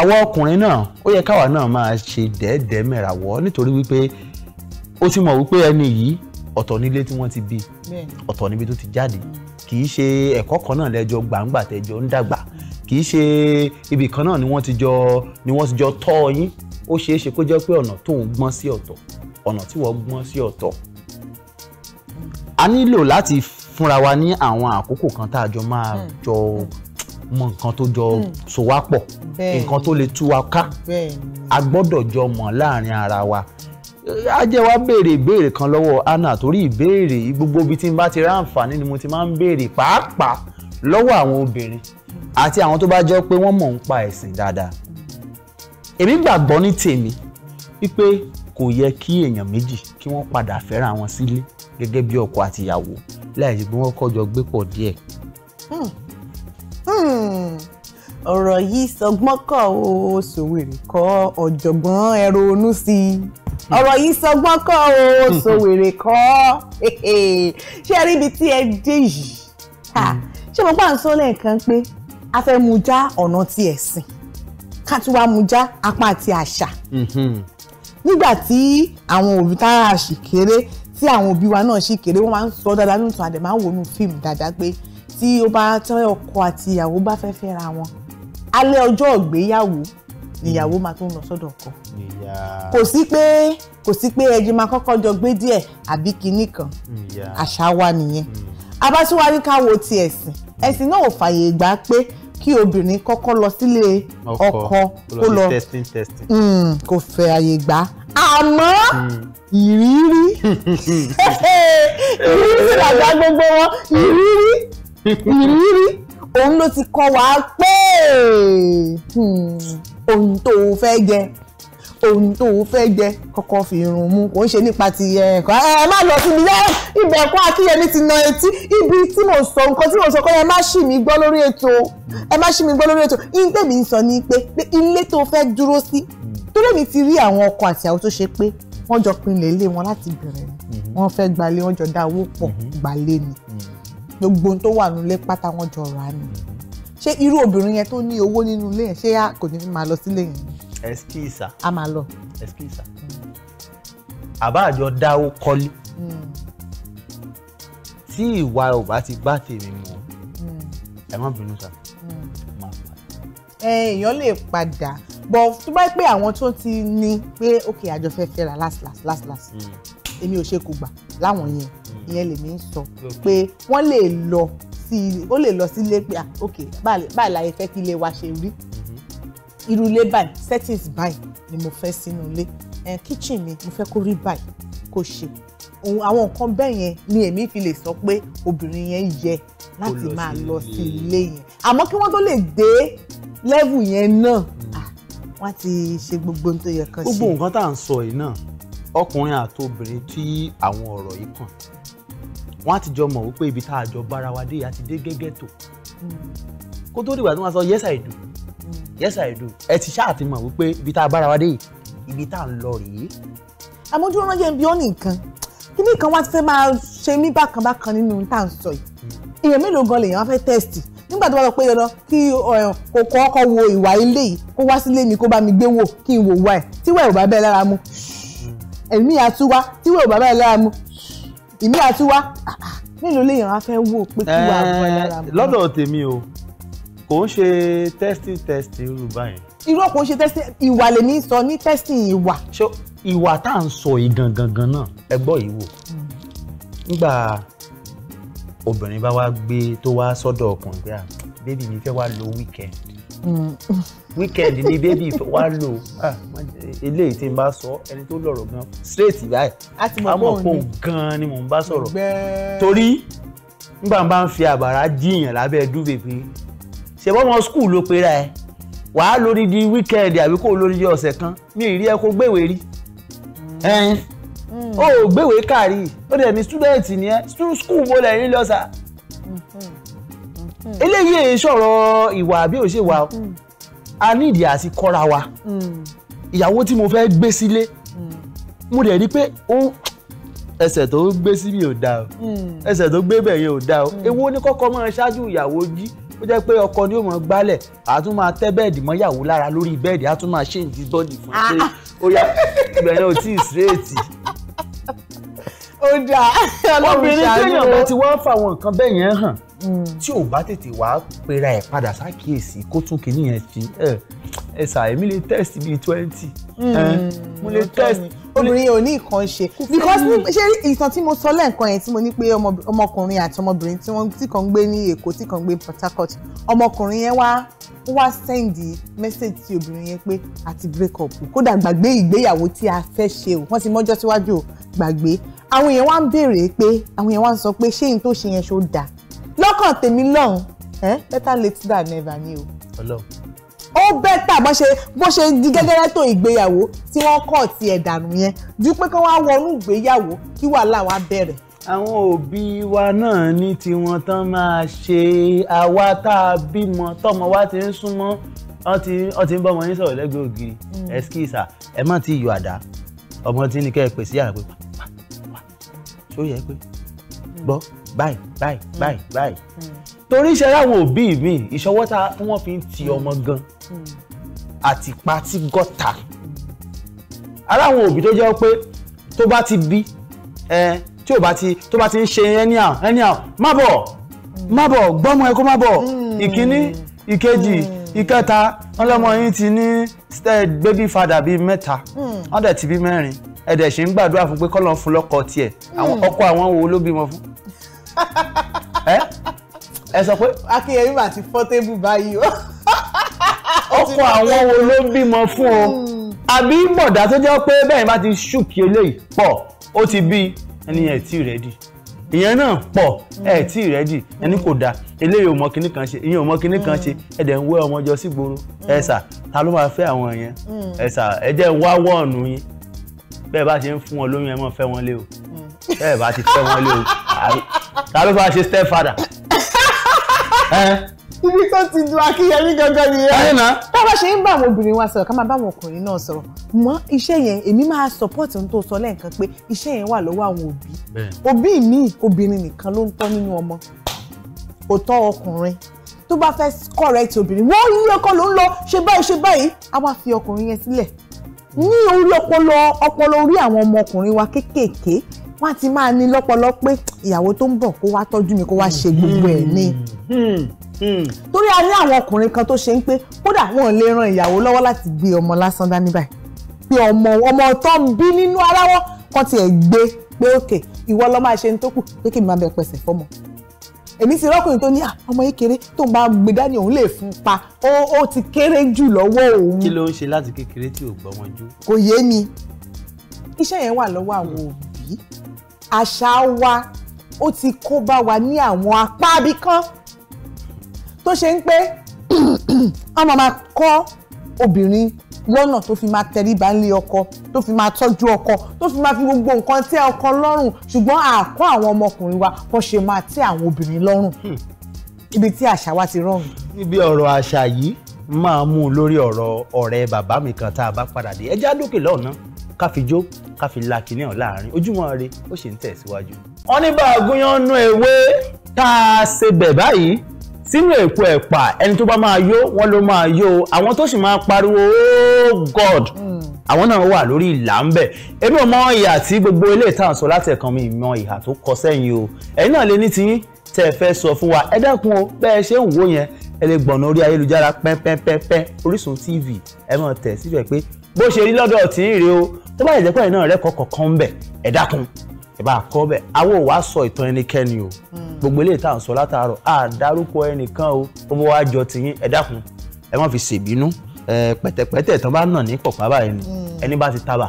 àwọn ọkùnrin náà ó yẹ káwa náà máa ṣe dẹ́ẹ̀dẹ́ẹ́ mẹ́ràwọ́ nítorí wípé ó ti mọ̀ wípé ẹni yìí ọ̀tọ̀ nílé tí wọ́n ti bí ọ̀tọ̀ níbi tó ti jáde kì í ṣe ẹ̀kọ́ kan náà lẹ́jọ́ gbàǹgbà tẹ́jọ́ ń dàgbà kì í ṣe ibì kan náà ni wọ́n ti jọ ni wọ́n ti jọ tọ́ ọ yín ó ṣeé ṣe kó jẹ́ pé ọ̀nà tó ń gbọ́n sí ọ̀tọ̀ ọ̀nà tí wọ́n gbọ́n sí ọ̀tọ̀ a nílò láti fúnra wa ní àwọn àkókò kan tá a jọ máa hmm. jọ mọ nǹkan tó jọ hmm. so wá pọ̀ nǹkan tó lè tú wa ká a gbọ́dọ̀ jọ mọ̀ láàrin ara wa a jẹ́ wá béèrè ìbéèrè kan lọ́wọ́ anna torí ìbéèrè gbogbo ibi tí n bá ti rá àǹfààní ni mo ti máa ń béèrè pàápàá lọ́wọ́ àwọn obìnrin àti àwọn tó bá jẹ́ pé wọ́n mọ̀ ń pa ẹ̀sìn dáadáa èmi gbàgbọ́ ní tèmi wípé kò yẹ kí èèyàn méjì kí wọ́n padà fẹ́ra wọn sílé gẹ́gẹ́ bí ọkọ àti ìyàwó láì sí pé wọ́n kọ́jọ gbé pọ̀ díẹ̀. Hmm. Hmm. ọ̀rọ̀ yìí sọgbọ́n kọ́ o sòwèrè kọ́ ọ̀jọ̀gbọ́n ẹ̀rọ onú sí i hmm. ọ̀rọ̀ yìí sọgbọ́n kọ́ o sòwèrè kọ́ ṣé ẹ rí ibi tí ẹ dé yìí ṣé mo pa à ń sọ lẹ́ẹ̀kan pé a fẹ́ mu já ọ̀nà ti ẹ̀sìn ká tún wá mu já apá ti àṣà mhm. nígbà tí àwọn òbí tá a ṣì kéré tí àwọn òbí wa náà ṣì kéré wọ́n máa ń sọ dáadáa nínú ìtàn àdẹ̀ máa ń wò nínú fíìmù dáadáa pé tí ó bá tẹ́ ọkọ àti ìyàwó bá fẹ́ fẹ́ra wọn alẹ́ ọjọ́ ìgbéyàwó níyàwó máa tó ń lọ sọ́dọ̀ ọkọ kò sí pé kò sí pé ẹjẹ máa kọ́kọ́ jọ gbé díẹ̀ àbí kinní kan àṣà wa nìyẹn mm. abáṣíwájú ká wo ti ẹ̀sìn ẹ̀sìn náà ò fààyè gbà pé kí obìnrin kọ́kọ́ lọ sílé ọkọ kó lọ hmm, kó fẹ́ àyè gbà àmọ́ ìrírí hmm. ìrírí sí bàbá gbogbo wọn ìrírí ìrírí òun ló ti kọ́ wa pé hmm, ohun tó o fẹ́ jẹ ohun tó o fẹ́ jẹ kọ́kọ́ fi irun mú kò ń ṣe nípa ti ẹ̀kọ́ ẹ má lọ síbi yẹn ibẹ̀ ẹ̀kọ́ akínyẹmí ti na etí ibi tí mo sọ nǹkan tí mo sọ kọ́ ẹ má ṣì mí gbọ́ lórí ètò ẹ má ṣì mí gbọ́ lórí ètò yín tèmi ń sọ ni pé pé ilé tó fẹ́ dúró sí torí mi ti rí àwọn ọkọ àti àwọn tó ṣe pé wọ́n jọ pinlẹ̀ ilé wọn láti bẹ̀rẹ̀ mm-hmm. wọ́n fẹ́ gbalẹ̀ wọ́n jọ dá owó pọ̀ mm-hmm. gbalẹ̀ ni mm-hmm. gbogbo tó wà nílé pátá wọ́n jọ rà ni ṣé irú obìnrin yẹn tó ní owó nínú ilé yẹn ṣé kò ní fi máa lọ sílé yẹn ẹskíìsà. Amalo. máa lọ. ẹskíìsà. àbá àjọ dáwó kọ́lé. Hmm. tí ìwà ò bá ti gbá tèmi mọ́ hmm. ẹ má bínú sá. Hmm. èèyàn lè padà bọ̀ tó bá pé àwọn tó ti ní pé òkè àjọ fẹ́ fẹ́ra last last last last èmi ò ṣe kò gbà láwọn yẹn ìyẹn lèmi ń sọ pé wọ́n lè lọ sí ó lè lọ sílé pé ah ok báyìí láyé fẹ́ kí ilé wa ṣe rí irú ilé báyìí settings báyìí ni mo fẹ́ sínú ilé eh, kitchen mi mo fẹ́ kó rí báyìí kó ṣe àwọn nǹkan bẹ́ẹ̀ yẹn ni èmi fi lè sọ pé obìnrin yẹn yẹ láti máa lọ sí ilé yẹn àmọ́ kí wọ́n tó lè dé lẹ́vù yẹn náà wọ́n ti ṣe gbogbo ohun tó yẹ kan ṣe. gbogbo nǹkan tá à ń sọ yìí náà ọkùnrin àti obìnrin tí àwọn ọ̀rọ̀ yìí kàn wọ́n á ti jọ mọ̀ wípé ibi tá a jọ bára wa dé yìí á ti dé gẹ́gẹ́ tó hmm. kó tó dìgbà tó máa sọ yes I do yes i do. ẹ ti ṣáà ti mọ̀ wípé ibi tá a bára wa dé yìí ibi tá a ń lọ rèé. àmọ́ dúró ránjẹ́ ń bí ọ́ nìkan kí nìkan wá ti fẹ́ máa ṣe mí bákan bákan nínú tá à ń sọ yìí. èèyàn mélòó gan lèèyàn wá fẹ́ tẹ́sítì nígbà tó bá lọ pé dandan kí kò kọ́ ọkọ̀ wo ìwà ilé yìí kó wá sílé mi kó bá mi gbé wò kí n wò wá ẹ̀ tí wẹ́ẹ̀ ò bá bẹ́ẹ̀ lára mu ẹ̀mí àtúwá tí wẹ́ẹ̀ ò bá bẹ́ẹ̀ lára mu ìmí àtúwá ah, ah, mélòó lèèyàn wá fẹ́ wò pé kí wàá bọ́ ẹ̀ lára mu. lọ́dọ̀ tèmi o kò ń ṣe testing testing olùbá yẹn. irọ́ kò ń ṣe testing ìwà lèmi sọ ní testing ìwà. ṣé ìwà tá à ń sọ yìí gangan náà ẹ gbọ́ yìí wò nígbà obìnrin bá wá gbé tó wá sọ́dọ̀ ọkùnrin pé bébì mi fẹ́ wá lo weekend hmm. weekend ni bébì wá lò eléyìí tí n bá sọ ẹni tó lọ́rọ̀ gan straight báyìí àmọ́ kò gan ni mò ń bá sọ̀rọ̀ torí nígbà bá ń fi àbàrà jíyàn lábẹ́ dúbẹ̀ pé ṣèwọ́n ọmọ skul ló pera ẹ̀ wàá lórí di wíkẹ́ndì àbí kò lórí di ọ̀sẹ̀ kan mi ì rí ẹ kó gbèwé rí hmm. o ó gbèwé kárí ó dẹ̀ ní stúdẹ̀ǹtì ni ẹ skul wo lẹ̀ ń lọ sá hmm. eléyìí èyí sọ̀rọ̀ ìwà àbí òṣèwà hmm. a nídìí àti kọ́ra wa ìyàwó tí mo fẹ́ gbé sílé mo dẹ̀ rí pé ó ẹsẹ̀ tó gbé síbi ò dáa o ẹsẹ̀ tó gbé bẹ̀yẹn ò dáa o èwo ni kọ́kọ́ máa ṣáájú ìyàwó jí ó jẹ́ pé ọkọ ni ó mọ̀ gbálẹ̀ a tún máa tẹ́ bẹ́ẹ̀dì mọ́ lára lórí bẹ́ẹ̀dì a tún máa ṣe ìdí bọ́ọ̀dì fún un pé ó yá ibẹ̀ náà ò tí ì sírèètì. ó dáa ọlọ́run ṣàánú obìnrin tó yàn bá ti wá fà nǹkan bẹ́ẹ̀ yẹn hàn Mm. tí ò bá tètè wá pera ẹ̀ padà sákìyèsí kó tún kìíní yẹn fi ẹ ẹ sà èmi lè test bíi twenty mm. mo lè test. obìnrin ò ní nǹkan ṣe because ṣé ìtàn tí mo sọ lẹ́ẹ̀kan yẹn tí mo ní pé ọmọkùnrin àti ọmọbìnrin tí wọ́n ti kàn ń gbé ní Èkó tí kàn ń gbé Port Harcourt ọmọkùnrin yẹn wá ó wá sẹ́ndì mẹ́sẹ̀gì tí obìnrin yẹn pé àti break up kódà gbàgbé ìgbéyàwó tí a fẹ́ ṣe o wọ́n ti mọ́jọ́ síwájú o gbàgbé àwọn èèyàn wá ń béèrè pé àwọn èèyàn wá ń sọ pé ṣé n tó ṣe yẹn ṣó dáa lọ́kàn tèmi lọ́hùn ẹ́ better late than never ni o. Ọlọ́run. ó bẹ́tà bó ṣe bó ṣe di gẹ́gẹ́rẹ́ tó ìgbéyàwó tí wọ́n kọ̀ ti ẹ̀dànù yẹn ju pé kí wọ́n wọnú ìgbéyàwó kí wàhálà wa bẹ̀rẹ̀ àwọn òbí wa náà ní tiwọn tán máa ṣe àwa tá a bímọ tọmọ wa ti ń súnmọ́ ọ ti ń bọmọ yín sọ̀rọ̀ lẹ́gbẹ̀ẹ́ ògiri ẹskíìsà mm. ẹ má ti yọ àdá ọmọ tí ní kẹ ẹ pèsè yàrá pé pa pa pa ṣó yẹ pé gbọ́ báyìí báyìí báyìí mm. báyìí mm. torí iṣẹ́ láwọn òbí mi ìṣọwọ́ tá wọ́n fi ń ti mm. ọmọ gan àti pa tí gọ́tà aláwọn òbí tó jẹ́ pé tó bá ti bí ẹ tí ò bá ti tó bá ti ń ṣe anyhow anyhow má bọ̀ má bọ̀ gbọ́mọ ẹ kó má bọ̀ ìkíní ìkejì ìkẹta wọn lọmọ yín ti ní baby father bíi mẹ́ta wọn ti bí mẹ́rin ẹ̀dẹ̀ sì ń gbàdúrà fún pé kọ́lọ́n fún lọ́kọ tiẹ̀ àwọn ọkọ àwọn wo ló bímọ fún ẹ ẹ sọ pé. akínyẹmí mà ti fọ́ tébù báyìí o. ọkọ àwọn wo ló ń bímọ fún o hmm. àbí mọ̀dá tó jẹ́ pé bẹ́ẹ̀ bá ti ṣùkì eléyìí pọ̀ ó ti bí ẹni ẹ̀ tí rẹ́dì ìyẹn náà pọ̀ ẹ̀ tí rẹ́dì ẹni kò dáa eléyìí ò mọ kinní kan ṣe ìyẹn ò mọ kinní kan hmm. ṣe ẹ̀ dẹ̀ ń wẹ́ ọmọ jọ sígboro ẹ̀sà ta ló máa fẹ́ àwọn yẹn hmm. ẹ̀sà ẹ jẹ́ ń wá wọ́ọ̀nù yín bẹ́ẹ̀ bá ṣe ń fún wọn lóyún ẹ mọ̀ fẹ́ wọn lé o bẹ́ẹ̀ bá ti fẹ́ wọn lé o ta ló fà ṣe step father. ibi tó ti du akínyẹmí gangan nìyẹn. tá a bá ṣe ń bá àwọn obìnrin wa sọ̀rọ̀ ká máa bá àwọn ọkùnrin náà sọ̀rọ̀ mọ́ iṣẹ́ yẹn èmi máa support n tó sọ lẹ́ẹ̀kan pé iṣẹ́ yẹn wà lọ́wọ́ àwọn òbí òbí mi obìnrin nìkan ló ń tọ́ nínú ọmọ òótọ́ ọkùnrin tó bá fẹ́ correct obìnrin wọ́n yí ọkọ ló ń lọ ṣe báyìí ṣe báyìí á wá fi ọkùnrin yẹn sílẹ̀ ní orí ọpọlọ ọpọlọ orí àwọn ọmọkùnrin wa kéékèèké wọ́n á ti máa ní lọ́pọlọ pé ìyàwó tó ń bọ̀ kó wá tọ́jú mi kó wá ṣe gbogbo ẹ̀ ni. Hmm, hmm, hmm. torí a ní àwọn ọkùnrin kan tó ṣe ń pé kódà wọn ò lè ran ìyàwó lọ́wọ́ láti gbé ọmọ lásán dání báyìí pé ọmọ ọmọ tó ń bí nínú ara wọn kan tiẹ̀ gbé pé òkè ìwọ ló máa ṣe ní tó kù pé kí n máa bẹ pẹ̀sẹ̀ fọ́mọ èmi ti rọ́kùnrin tó ní ah, ọmọ yìí kéré tó ń bá gbé dání òun lè fún pa ó ti kéré jù lọ́wọ́ òun. kí ló ń ṣe láti kékeré tí ò gbọ́ wọn jú. kò yé mi iṣẹ́ yẹn wà lọ́wọ́ àwọn òbí àṣà wa ó ti kó bá wa ní àwọn apá abí kan tó ṣe ń pé wọ́n máa máa kọ́ obìnrin lọ́nà tó fi máa tẹríba ńlé ọkọ tó fi máa tọ́jú ọkọ tó fi máa fi gbogbo nǹkan tẹ́ ọkọ lọ́rùn ṣùgbọ́n àkọ́ àwọn ọmọkùnrin wa kò ṣe máa tẹ́ àwọn obìnrin lọ́rùn hmm. ibi tí àṣà wa ti rọrùn. níbi ọ̀rọ̀ àṣà yìí máa mú un lórí ọ̀rọ̀ ọ̀rẹ́ bàbá mi kan tá a bá padà dé ẹjẹ́ àdókè lọ́ọ̀nà káfíjó ká fi la kinní hàn láàrin ojúmọ́ ire ó sì ń tẹ̀síwájú. wọ́n ní bá agúnyán nú ewé tá a ṣe bẹ̀ báyìí sínú èpo ẹ̀pà ẹni tó bá máa yó wọ́n ló máa yó o àwọn tó sì máa pariwo oh god àwọn náà wà lórí ìlà ń bẹ̀ èmi ò mọ ìhà tí gbogbo ilé ìtàn sọ láti ẹ̀kan mi ìmọ̀ ìhà tó kọ sẹ́yìn o ẹ̀yin náà lè ní tiyín tẹ́ ẹ fẹ́ sọ fún wa ẹ dákun o bẹ́ẹ̀ ṣe ń wò yẹn ẹ lè gbọ̀nà orí ayélujára pẹ́ńpẹ́ńpẹ́ńpẹ́ Orísun TV ẹ máa tẹ̀ síbẹ̀ pé bó ṣe rí lọ́dọ̀ tí ń rèé o tó bá yẹ jẹ́ pé ẹ̀yin náà rẹ́kọ̀ọ́ kọ̀ọ̀kan ń bẹ̀ ẹ dákun ẹ bá kọ́ bẹ̀ àwọn ò sọ ìtàn ẹnikẹ́ni o hmm. gbogbo eléyìí tá à ń sọ látàárọ̀ à dárúkọ ẹnìkan o ó mọ wá jọ tìyín ẹ dákun ẹ má fi ṣèbínú pẹ̀tẹ̀pẹ̀tẹ̀ tán bá nà ní pọ̀pá báyìí ni hmm. ẹni bá ti tábà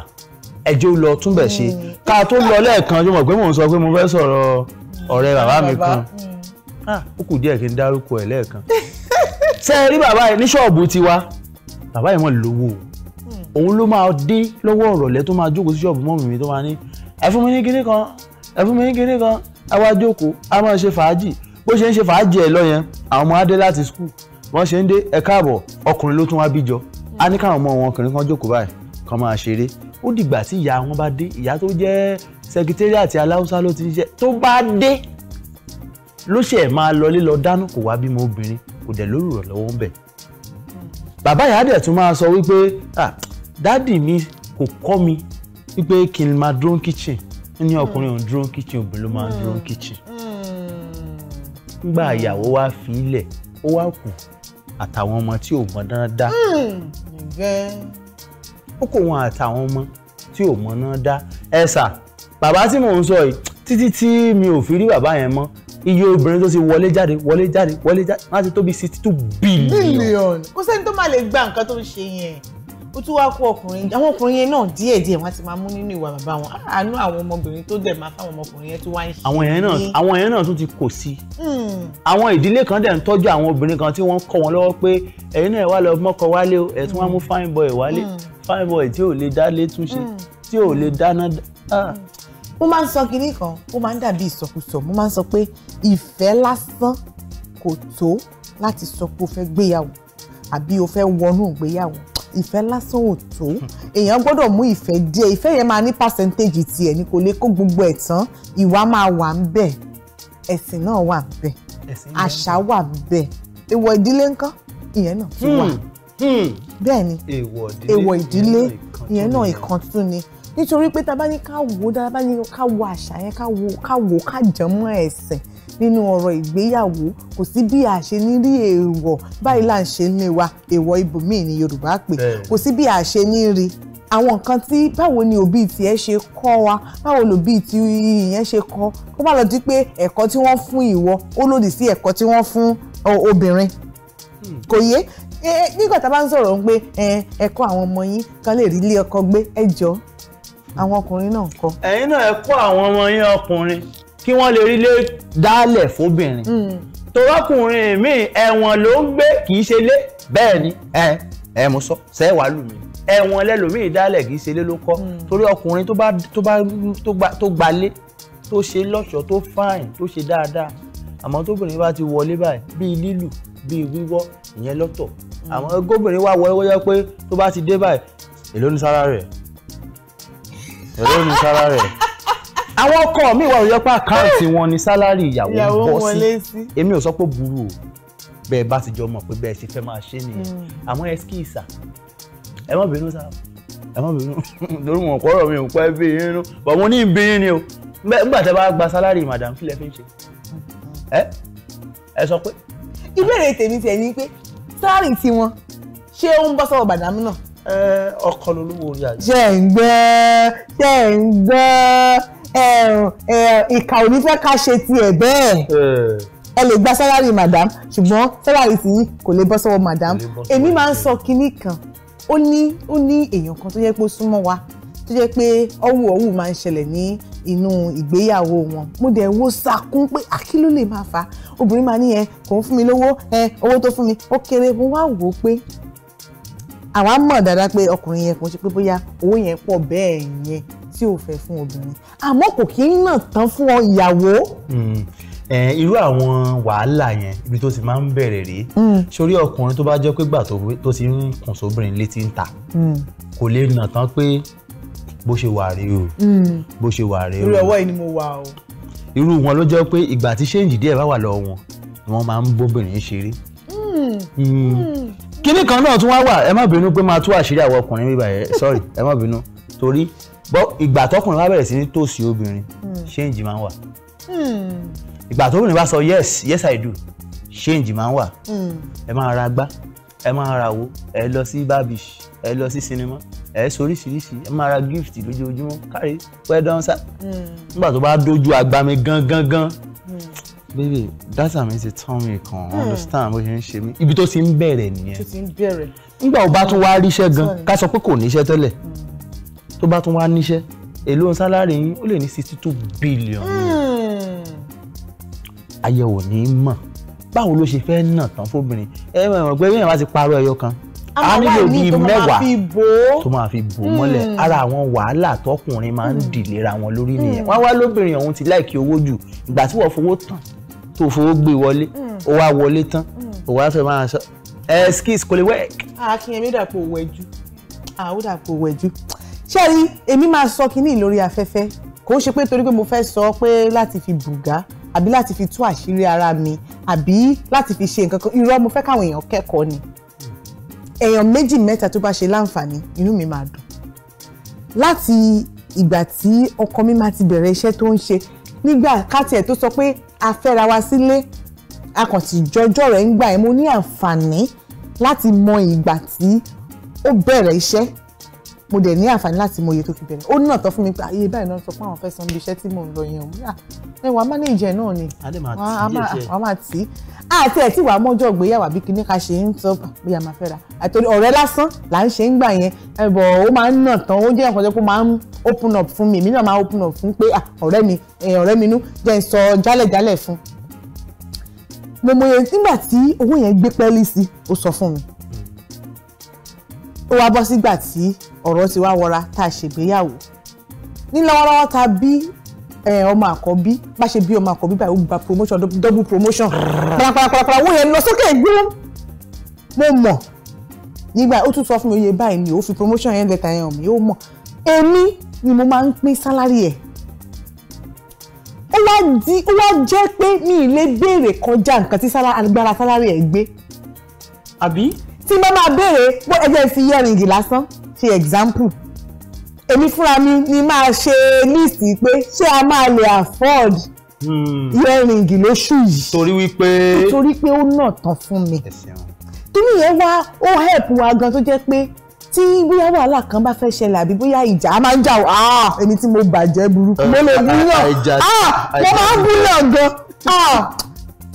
ẹjẹ́ ó lọ túnbẹ̀ ṣe hmm. ká tó lọ lẹ́ẹ̀kan jọmọ̀ pé mò ń sọ pé mo fẹ́ sọ̀rọ̀ ọ̀rẹ́ bàbá mi kan ah, ó kù díẹ̀ kí n dárúkọ ẹ̀ lẹ́ẹ̀kan ṣe rí bàbá yìí ní ṣọ́ọ̀bù tiwa bàbá yìí mọ̀ lówó o òun ló máa dé lọ́wọ́ ọ̀rọ̀lẹ́ tó máa jókòó sí ṣọ́ọ̀bù mọ́mì mi tó máa ní ẹ fún mi ní kinní kan ẹ fún mi ní kinní kan a wá jókòó a máa ṣe fàájì bó ṣe ń ṣe fàájì ẹ̀ lọ yẹn àwọn ọmọ adé láti skul wọ́n ṣe ń dé ẹ káàbọ̀ ọkùnrin ló tún wá bíjọ a ní káwọn ọmọ wọn ọkùnrin kan jókòó báyìí kan máa ṣeré ó dìgbà tí ìyá wọn bá dé ìyá tó jẹ́ sẹkítẹ́rì àti bàbá ìyá dẹ̀ tún máa sọ wípé dádì mi kò kọ́ mi wípé kí n máa drone kitchen ní ọkùnrin ò ń drone kitchen obìnrin máa hmm. drone kitchen hmm. nígbà ìyàwó wa fi ilẹ̀ ó wá kù àtàwọn ọmọ tí ò mọ dáadáa hmm. ó kó wọn àtàwọn ọmọ tí ò mọ dáadáa ẹ sà bàbá tí mò ń sọ yìí títí tí mi ò fi rí bàbá yẹn mọ́ iye obìnrin tó ti wọlé jáde wọlé jáde wọlé jáde láti tó bí two billion. billion kò sẹ́ni tó máa lè gba nǹkan tó ń ṣe yẹn ó tún wá kó ọkùnrin àwọn ọkùnrin yẹn náà díẹ̀ díẹ̀ wọ́n ti máa mú nínú ìwà bàbá wọn àánú ah, àwọn ọmọbìnrin tó dẹ̀ máa fáwọn ọmọkùnrin yẹn tó wá ń ṣe. àwọn yẹn náà àwọn yẹn náà tún ti kò sí. Hmm. àwọn ìdílé kan dẹ̀ ń tọ́jú àwọn obìnrin kan tí wọ́n kọ́ wọn lọ́wọ́ pé ẹ̀yin náà wá lọ mọ́kọ wálé o ẹ̀ tún mú hmm. fine boy wálé hmm. fine boy tí ò lè dá lé túnṣe tí ò lè dáná ah. mo máa ń sọ kinní kan ó máa ń dàbí ìsọkúsọ àbí o fẹ́ wọnú ìgbéyàwó ìfẹ́ lásán ò tó èèyàn gbọ́dọ̀ mú ìfẹ́ díẹ̀ ìfẹ́ yẹn máa ní pàṣẹ́ntéèjì tiẹ̀ ní kò lè kó gbogbo ẹ̀ tán ìwà máa wà ń bẹ̀ ẹ̀sìn náà wà ń bẹ̀ àṣà wà ń bẹ̀ èèwọ̀ ìdílé ńkọ́ ìyẹn náà ti wà hmm, hmm. bẹ́ẹ̀ ni èèwọ̀ ìdílé ìyẹn náà ìkan tún ni nítorí pé tá a bá ní ká wò dáadáa bá ní ká wo àṣà yẹn ká wò ká jẹmọ́ ẹ̀sìn nínú ọ̀rọ̀ ìgbéyàwó kò sí bí a ṣe ní rí èèwọ̀ báyìí là ń ṣe ní wa èèwọ̀ ibòmíì ni Yorùbá pè kò sí bí a ṣe ní rí àwọn nǹkan tí báwo ni òbí tiẹ̀ ṣe kọ́ wa báwo lòbí ti ìyẹn ṣe kọ́ kó má lọ di pé ẹ̀kọ́ tí wọ́n fún ìwọ ó lòdì sí ẹ̀kọ́ tí wọ́n fún obìnrin hmm. kò yé nígbà tá a bá ń sọ̀rọ̀ pé ẹ̀kọ́ àwọn ọmọ yín kan lè rí ilé ọkọ gbé ẹjọ́ àwọn ọkùnrin náà kọ́. ẹ̀yin náà ẹ kọ́ àwọn ọmọ yín ọkùnrin kí wọ́n lè rí lé dálẹ̀ fóbìnrin hmm. torọ́kùnrin mi ẹ̀wọ̀n ló ń gbé kì í ṣe lé bẹ́ẹ̀ ni ẹ ẹ mo sọ sẹ́wàá lù mí ẹ̀wọ̀n lẹ́lòmíì dálẹ̀ kì í ṣe lé ló kọ́ hmm. torí ọkùnrin tó bá tó bá tó gbalé tó ṣe lọ́ṣọ̀ọ́ tó fáìn tó ṣe dáadáa àmọ́ tóbìnrin bá ti wọlé báyìí bíi lílù bíi wíwọ́ ìyẹn lọ́tọ̀ hmm. àmọ́ gómìnrin wà wọlé wọ́yọ́ pé tó bá ti dé báyìí èló ni sára rẹ̀ èló ni sára rẹ̀ àwọn ọkọ mi wà lóyọ pé àkáǹtì wọn ni sálárì ìyàwó bọ́ sí èmi ò sọ pé burú o bẹ́ẹ̀ bá ti jọ mọ̀ pé bẹ́ẹ̀ ṣe fẹ́ máa ṣe nìyẹn hmm. àmọ́ ẹ kí ìsà ẹ má bínú sá ẹ má bínú lórí wọn kọ́ ọ̀rọ̀ mi ò pẹ́ bí inú bọ̀ mo ní ìbí ni o nígbà tẹ́ bá gba sálárì madam kílẹ̀ fi ń ṣe ẹ ẹ sọ pé. ìbéèrè tèmi tiẹ̀ ni pé sálárì tiwọn ṣé ó ń bọ́ sọ́wọ́ bàdámù náà. ọkọ lolúwo rí àyè. ṣe ń gbẹ́ ṣe ń gbẹ́ ìkà ò ní fẹ́ ká ṣe tiẹ̀ bẹ́ẹ̀ eh. ẹ lè gba sálárì madam ṣùgbọ́n sálárì tí kò lè bọ́ sọ́wọ́ madam èmi máa ń sọ kinní kan ó ní ó ní èèyàn kan tó yẹ pé ó súnmọ́ wa tó jẹ́ pé ọ̀wù ọ̀wù máa ń ṣẹlẹ̀ ní inú ìgbéyàwó wọn mo dẹ̀ wo sàkún pé àkí ló lè máa fa obìnrin máa ní ẹ kò ń fún mi lówó ẹ owó tó fún mi ó kéré mo wá wò ó pé àwa mọ̀ dáadáa pé ọkùnrin yẹn kò ń ṣe pé bóyá owó yẹn pọ̀ bẹ́ẹ̀ yẹn tí ò fẹ́ fún obìnrin àmọ́ kò kí ń nà tán fún ọ ìyàwó. Hmm. irú àwọn wàhálà yẹn ibi tó ti máa ń bẹ̀rẹ̀ rèé hmm. sórí ọkùnrin tó bá jẹ́ pé gbà tó ti ń kùn sóbìnrin létí ń ta hmm. kò lè nà tán pé bó ṣe wà rèé o bó ṣe wà rèé o irú ọwọ́ yìí ni mo wà o. irú wọn ló jẹ́ pé ìgbà tí ṣéǹjì díẹ̀ bá wà lọ wọn ni máa ń bóbìnrin ṣeré kínní kan náà tún wá wà ẹ má bínú pé máa tú àṣírí àwọn ọkùnrin bíbá yẹn sorry ẹ má bínú torí bọ́ ìgbà tọkùnrin bá bẹ̀rẹ̀ sí ní tòsí obìnrin ṣéǹjì hmm. máa ń wà hmm. ìgbà tóbìnrin bá sọ yes yes i do ṣéǹjì máa ń wà hmm. ẹ máa ra gbá ẹ máa ra wo ẹ lọ sí barbish ẹ lọ sí sinimá ẹ soríṣiríṣi ẹ máa ra gift lójoojúmọ́ kárí pẹ́ dánsá nígbà tó bá dojú agbami gan gan gan baby data mi ti tán mi kan understand bó ṣe ń ṣe mí ibi tó ti ń bẹ̀rẹ̀ nìyẹn nígbà tó bá tún wá ríṣẹ́ gan ká sọ pé kò níṣẹ́ tẹ́lẹ̀. Mm tó bá tún wá níṣẹ́ èlò sálárì yín ó lè ní sixty two billion. Hmm. àyẹ̀wò ní mọ̀ báwo ló ṣe fẹ́ nà tán fóbìnrin ẹ mọ̀ pé bí èèyàn bá ti parọ́ ẹyọ kan a nílò bíi mẹ́wàá tó máa fi bò mọ́lẹ̀ hmm. ara àwọn wàhálà tọkùnrin máa ń hmm. dìlera wọn lórí nìyẹn wọ́n wá lóbìnrin ọ̀hún ti láìkí owó jù ìgbà tí wọ́n fowó tán tó fowó gbé wọlé ó wá wọlé tán ó wá fẹ́ máa sọ ẹ skis kò lè wẹ́ẹ̀k. akínyẹmí ah, dàpọ̀ wẹ̀jú àwọn dàpọ̀ wẹ̀jú ṣẹ́ẹ̀rí èmi máa sọ kínní lórí afẹ́fẹ́ kò ń ṣe pé torí pé mo fẹ́ sọ pé láti fi bùgá àbí láti fi tú àṣírí ara mi àbí láti fi ṣe nǹkan kan irọ́ mo fẹ́ káwọn èèyàn kẹ́kọ̀ọ́ ni èèyàn méjì mẹ́ta tó bá ṣe láǹfààní inú mi máa dùn láti ìgbà tí ọkọ mi máa ti bẹ̀rẹ̀ iṣẹ́ tó ń ṣe nígbà kátiẹ̀ tó sọ pé a fẹ́ra wa sílé a kàn ti jọjọ́ rẹ̀ ń gbà ẹ̀ mo ní àǹfààní láti mọ ìgbà tí ó bẹ̀rẹ̀ iṣẹ́ mo dẹ̀ ní àǹfààní láti mọ iye tó fi bẹ̀rẹ̀ ó náà tọ́ fún mi pé ayé báyìí náà sọ pé àwọn fẹ́ san ibi iṣẹ́ tí mò ń lọ yẹn òun ẹ wàá mánéèjì ẹ̀ náà ni wàá máa tì í àti ẹ̀ tí wàá mọ́jọ́ gbéyàwó àbí kíní ká ṣe ń sọ ah, bóyá máa fẹ́ ra àtòrí ọ̀rẹ́ lásán là ń ṣe ń gbà yẹn ẹ̀bọ̀ ó máa ń nà tán ó jẹ́ nǹkan tó kó máa ń open up fún mi èmi náà máa open up fún pé ah, ọ̀rẹ́ mi ọ̀rẹ́ mi nú jẹ́ ń sọ jálẹ̀jálẹ̀ fún mo mọ nígbà tí owó yẹn gbé pẹ́ẹ́lí sí ó sọ fún mi ó wá bọ́ sígbà tí ọ̀rọ̀ ti wá wọra tá a ṣègbéyàwó ní lọ́wọ́lọ́wọ́ ta bí ọmọ àkọ́bí bá ṣe bí ọmọ àkọ́bí báyìí ó gba promotion double promotion parapara owó yẹn lọ sókè gbúrú mo mọ̀ nígbà ó tún sọ fún mi oye báyìí ni ó fi promotion yẹn lẹ́tà yẹn hàn mí ó mọ̀ èmi ni mo máa ń pín sálárì ẹ̀ ó wá di ó wá jẹ́ pé mi ì lè béèrè kọjá nǹkan tí agbára sálárì ẹ̀ gbé àbí tí mo máa béèrè pé ẹ jẹ́ fi yẹ́rìngì lásán ṣe example èmi fúnra mi ni máa ṣe list pé ṣé a máa lè afford yẹ́rìngì hmm. lóṣù yìí torí wípé torí pé ó náà tán fún mi kíní yẹn wá ó help wa gan tó jẹ́ pé tí bóyá wàhálà kan bá fẹ́ ṣẹlẹ̀ àbí bóyá ìjà a máa ń jà ó ah èmi tí mo bàjẹ́ burúkú mo lè gúnyàn eh, eh, eh, ah mo máa ń gúnyàn gan ah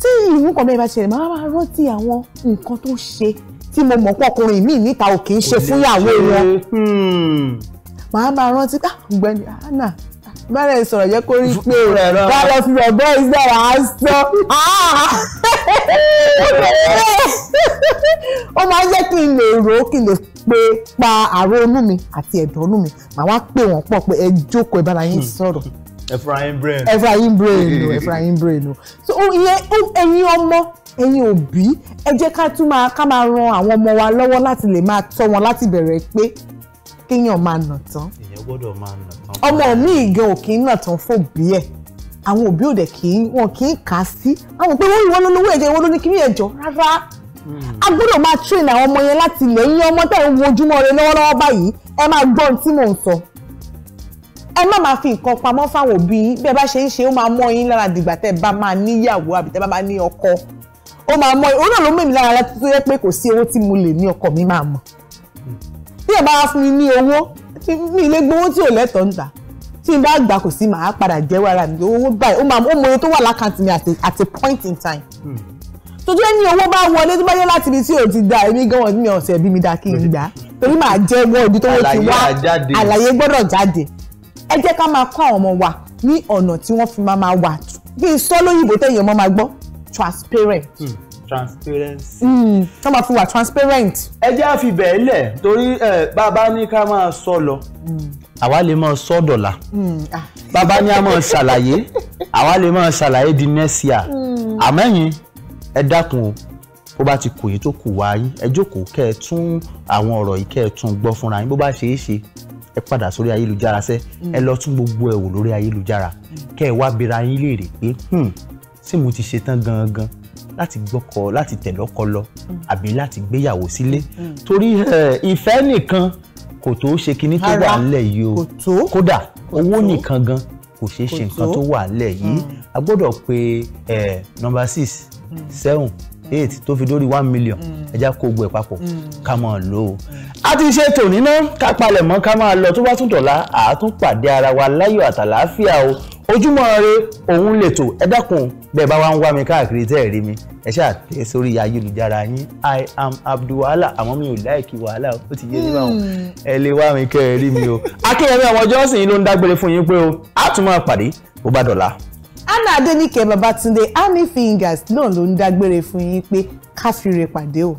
tí ìwúkọ̀ bẹ́ẹ̀ bá ṣẹlẹ̀ máa máa rántí àwọn nǹkan tó ṣe tí mo mọ̀ pọkùnrin mi níta ò kì í ṣe fúnyàwó wọn hmm. màá máa rántí pé ah, ọ̀gbẹ́ni anna bẹ́rẹ̀ sọ̀rọ̀ yẹ kó rí pé báwo fi rẹ̀ bọ́ sọ. ó máa ń jẹ́ kí n lè rò kí n lè pe pa àrò inú mi àti ẹ̀dọ̀ inú mi màá wá pè wọ́n pọ̀ pé ẹ jókòó ẹ yín sọ̀rọ̀ Efraim brain Efraim brain o Efraim brain o so oh, ìyẹn oh, ẹ̀yin ọmọ ẹ̀yin òbí ẹ jẹ́ ká tún máa ká máa ran àwọn ọmọ wa lọ́wọ́ láti lè máa tọ́ wọn láti bẹ̀rẹ̀ pé kéèyàn máa nà tán èèyàn gbọ́dọ̀ máa nà tán ọmọ mi ìgan ò kì í nà tán fòbí ẹ̀ àwọn òbí òde kì í wọn kì í kà á sí àwọn pé wọ́n ìwọ́n lólówó ẹ̀jẹ̀ ìwọ́n ló ní kí ní ẹ̀jọ̀ rárá hmm. a gbọ́dọ̀ máa train àwọn ọmọ yẹn láti lẹ́yìn ọmọ tẹ̀ ń wojúmọ́ rẹ lọ́wọ́lọ́wọ́ báyìí ẹ máa gbọ́ ohun tí mò ń sọ ẹ má máa fi nǹkan pamọ́ fáwọn òbí yín bí ẹ bá ṣe ń ṣe ó máa mọ́ yín lára dìgbà tẹ́ ẹ bá máa níyàwó àbí tẹ́ ẹ bá máa ní ọkọ ó máa mọ́ òun náà ló mú mi lára láti tó yẹ pé kò sí owó tí mo lè ní ọkọ mi máa mọ̀ bí ẹ bá wá fún mi ní owó mi ilé gbowó tí ò lẹ́tọ̀ọ́ ń gbà tí n bá gbà kò sí màá padà jẹ́wọ́ ara mi owó báyìí ó máa ó mọ iye tó wà lákàntì mi at a point in time tójú ẹni owó bá wọlé tó bá yẹ láti ibi tí ò ti da èmi gan wọn ní ọ̀sẹ̀ bí mi da kí n gbà torí màá jẹ́wọ́ ibi tó wọ́n ti wá àlàyé gbọ́dọ̀ jáde ẹ jẹ́ ká máa kọ́ àwọn ọmọ wa ní ọ̀nà tí wọ́n fi máa máa wà bí sọ lóyìnbó téèyàn máa gbọ́ transparent. Hmm transparency. Hmm, tó máa fi wà transparent. ẹ jẹ́ àfibẹ̀ ilẹ̀ torí bàbá ní ká máa sọ lọ àwa lè máa sọ dọ̀là bàbá hmm, ah. ní a máa ṣàlàyé àwa lè máa ṣàlàyé di next year hmm. àmọ́ ẹ̀yin ẹ dákun o bó bá ti kù yìí tó kù wá ẹ jókòó kẹ́ ẹ tún àwọn ọ̀rọ̀ yìí kẹ́ ẹ tún gbọ́ fúnra yín bó bá ṣeé ṣe ẹ padà sórí ayélujára sẹ́ mm. ẹ lọ tún gbogbo ẹ̀ wò lórí ayélujára mm. kẹ́ ẹ wá bira yín léèrè pé hmm, ṣé mo ti ṣetán gangan láti gbọ́kọ láti tẹ̀lọ́kọ lọ mm. àbí láti gbéyàwó sílé torí ìfẹ́ nìkan kò tó ṣe kinní tó wà nílẹ̀ yìí o kódà owó nìkan gan kò ṣeé ṣe nǹkan tó wà nílẹ̀ yìí a gbọ́dọ̀ pé number six seven eight tó fi dórí one million mm. ẹ já kó gbogbo ẹ̀ papọ̀ mm. ká máa lò ó. a ti ṣe tòní náà ká palẹ̀ mọ́ ká máa lọ tó bá tún dọ̀la àátún pàdé ara wa láyọ̀ àtàlàáfíà o ojúmọ́ ire òun lè tò ẹ dákun bẹ́ẹ̀ bá wa ń wá mi káàkiri tẹ́ ẹ̀ rí mi ẹ ṣáà tẹ sórí ayélujára yín i am abdulwala àmọ́ mi ò láìkí wàhálà ó ti yé nígbà wọn mm. ẹ lè wá mi kẹ́ ẹ rí mi o akínyẹmí ọmọ jọ́sìn ló ń dágbére fún yín pé o á tún máa pàdé bó bá dọ̀la. Anna Adéníkẹ́ Babátúndé Honey Fingers lóun ló ń dágbére fún yín pé káfíńre pàdé o.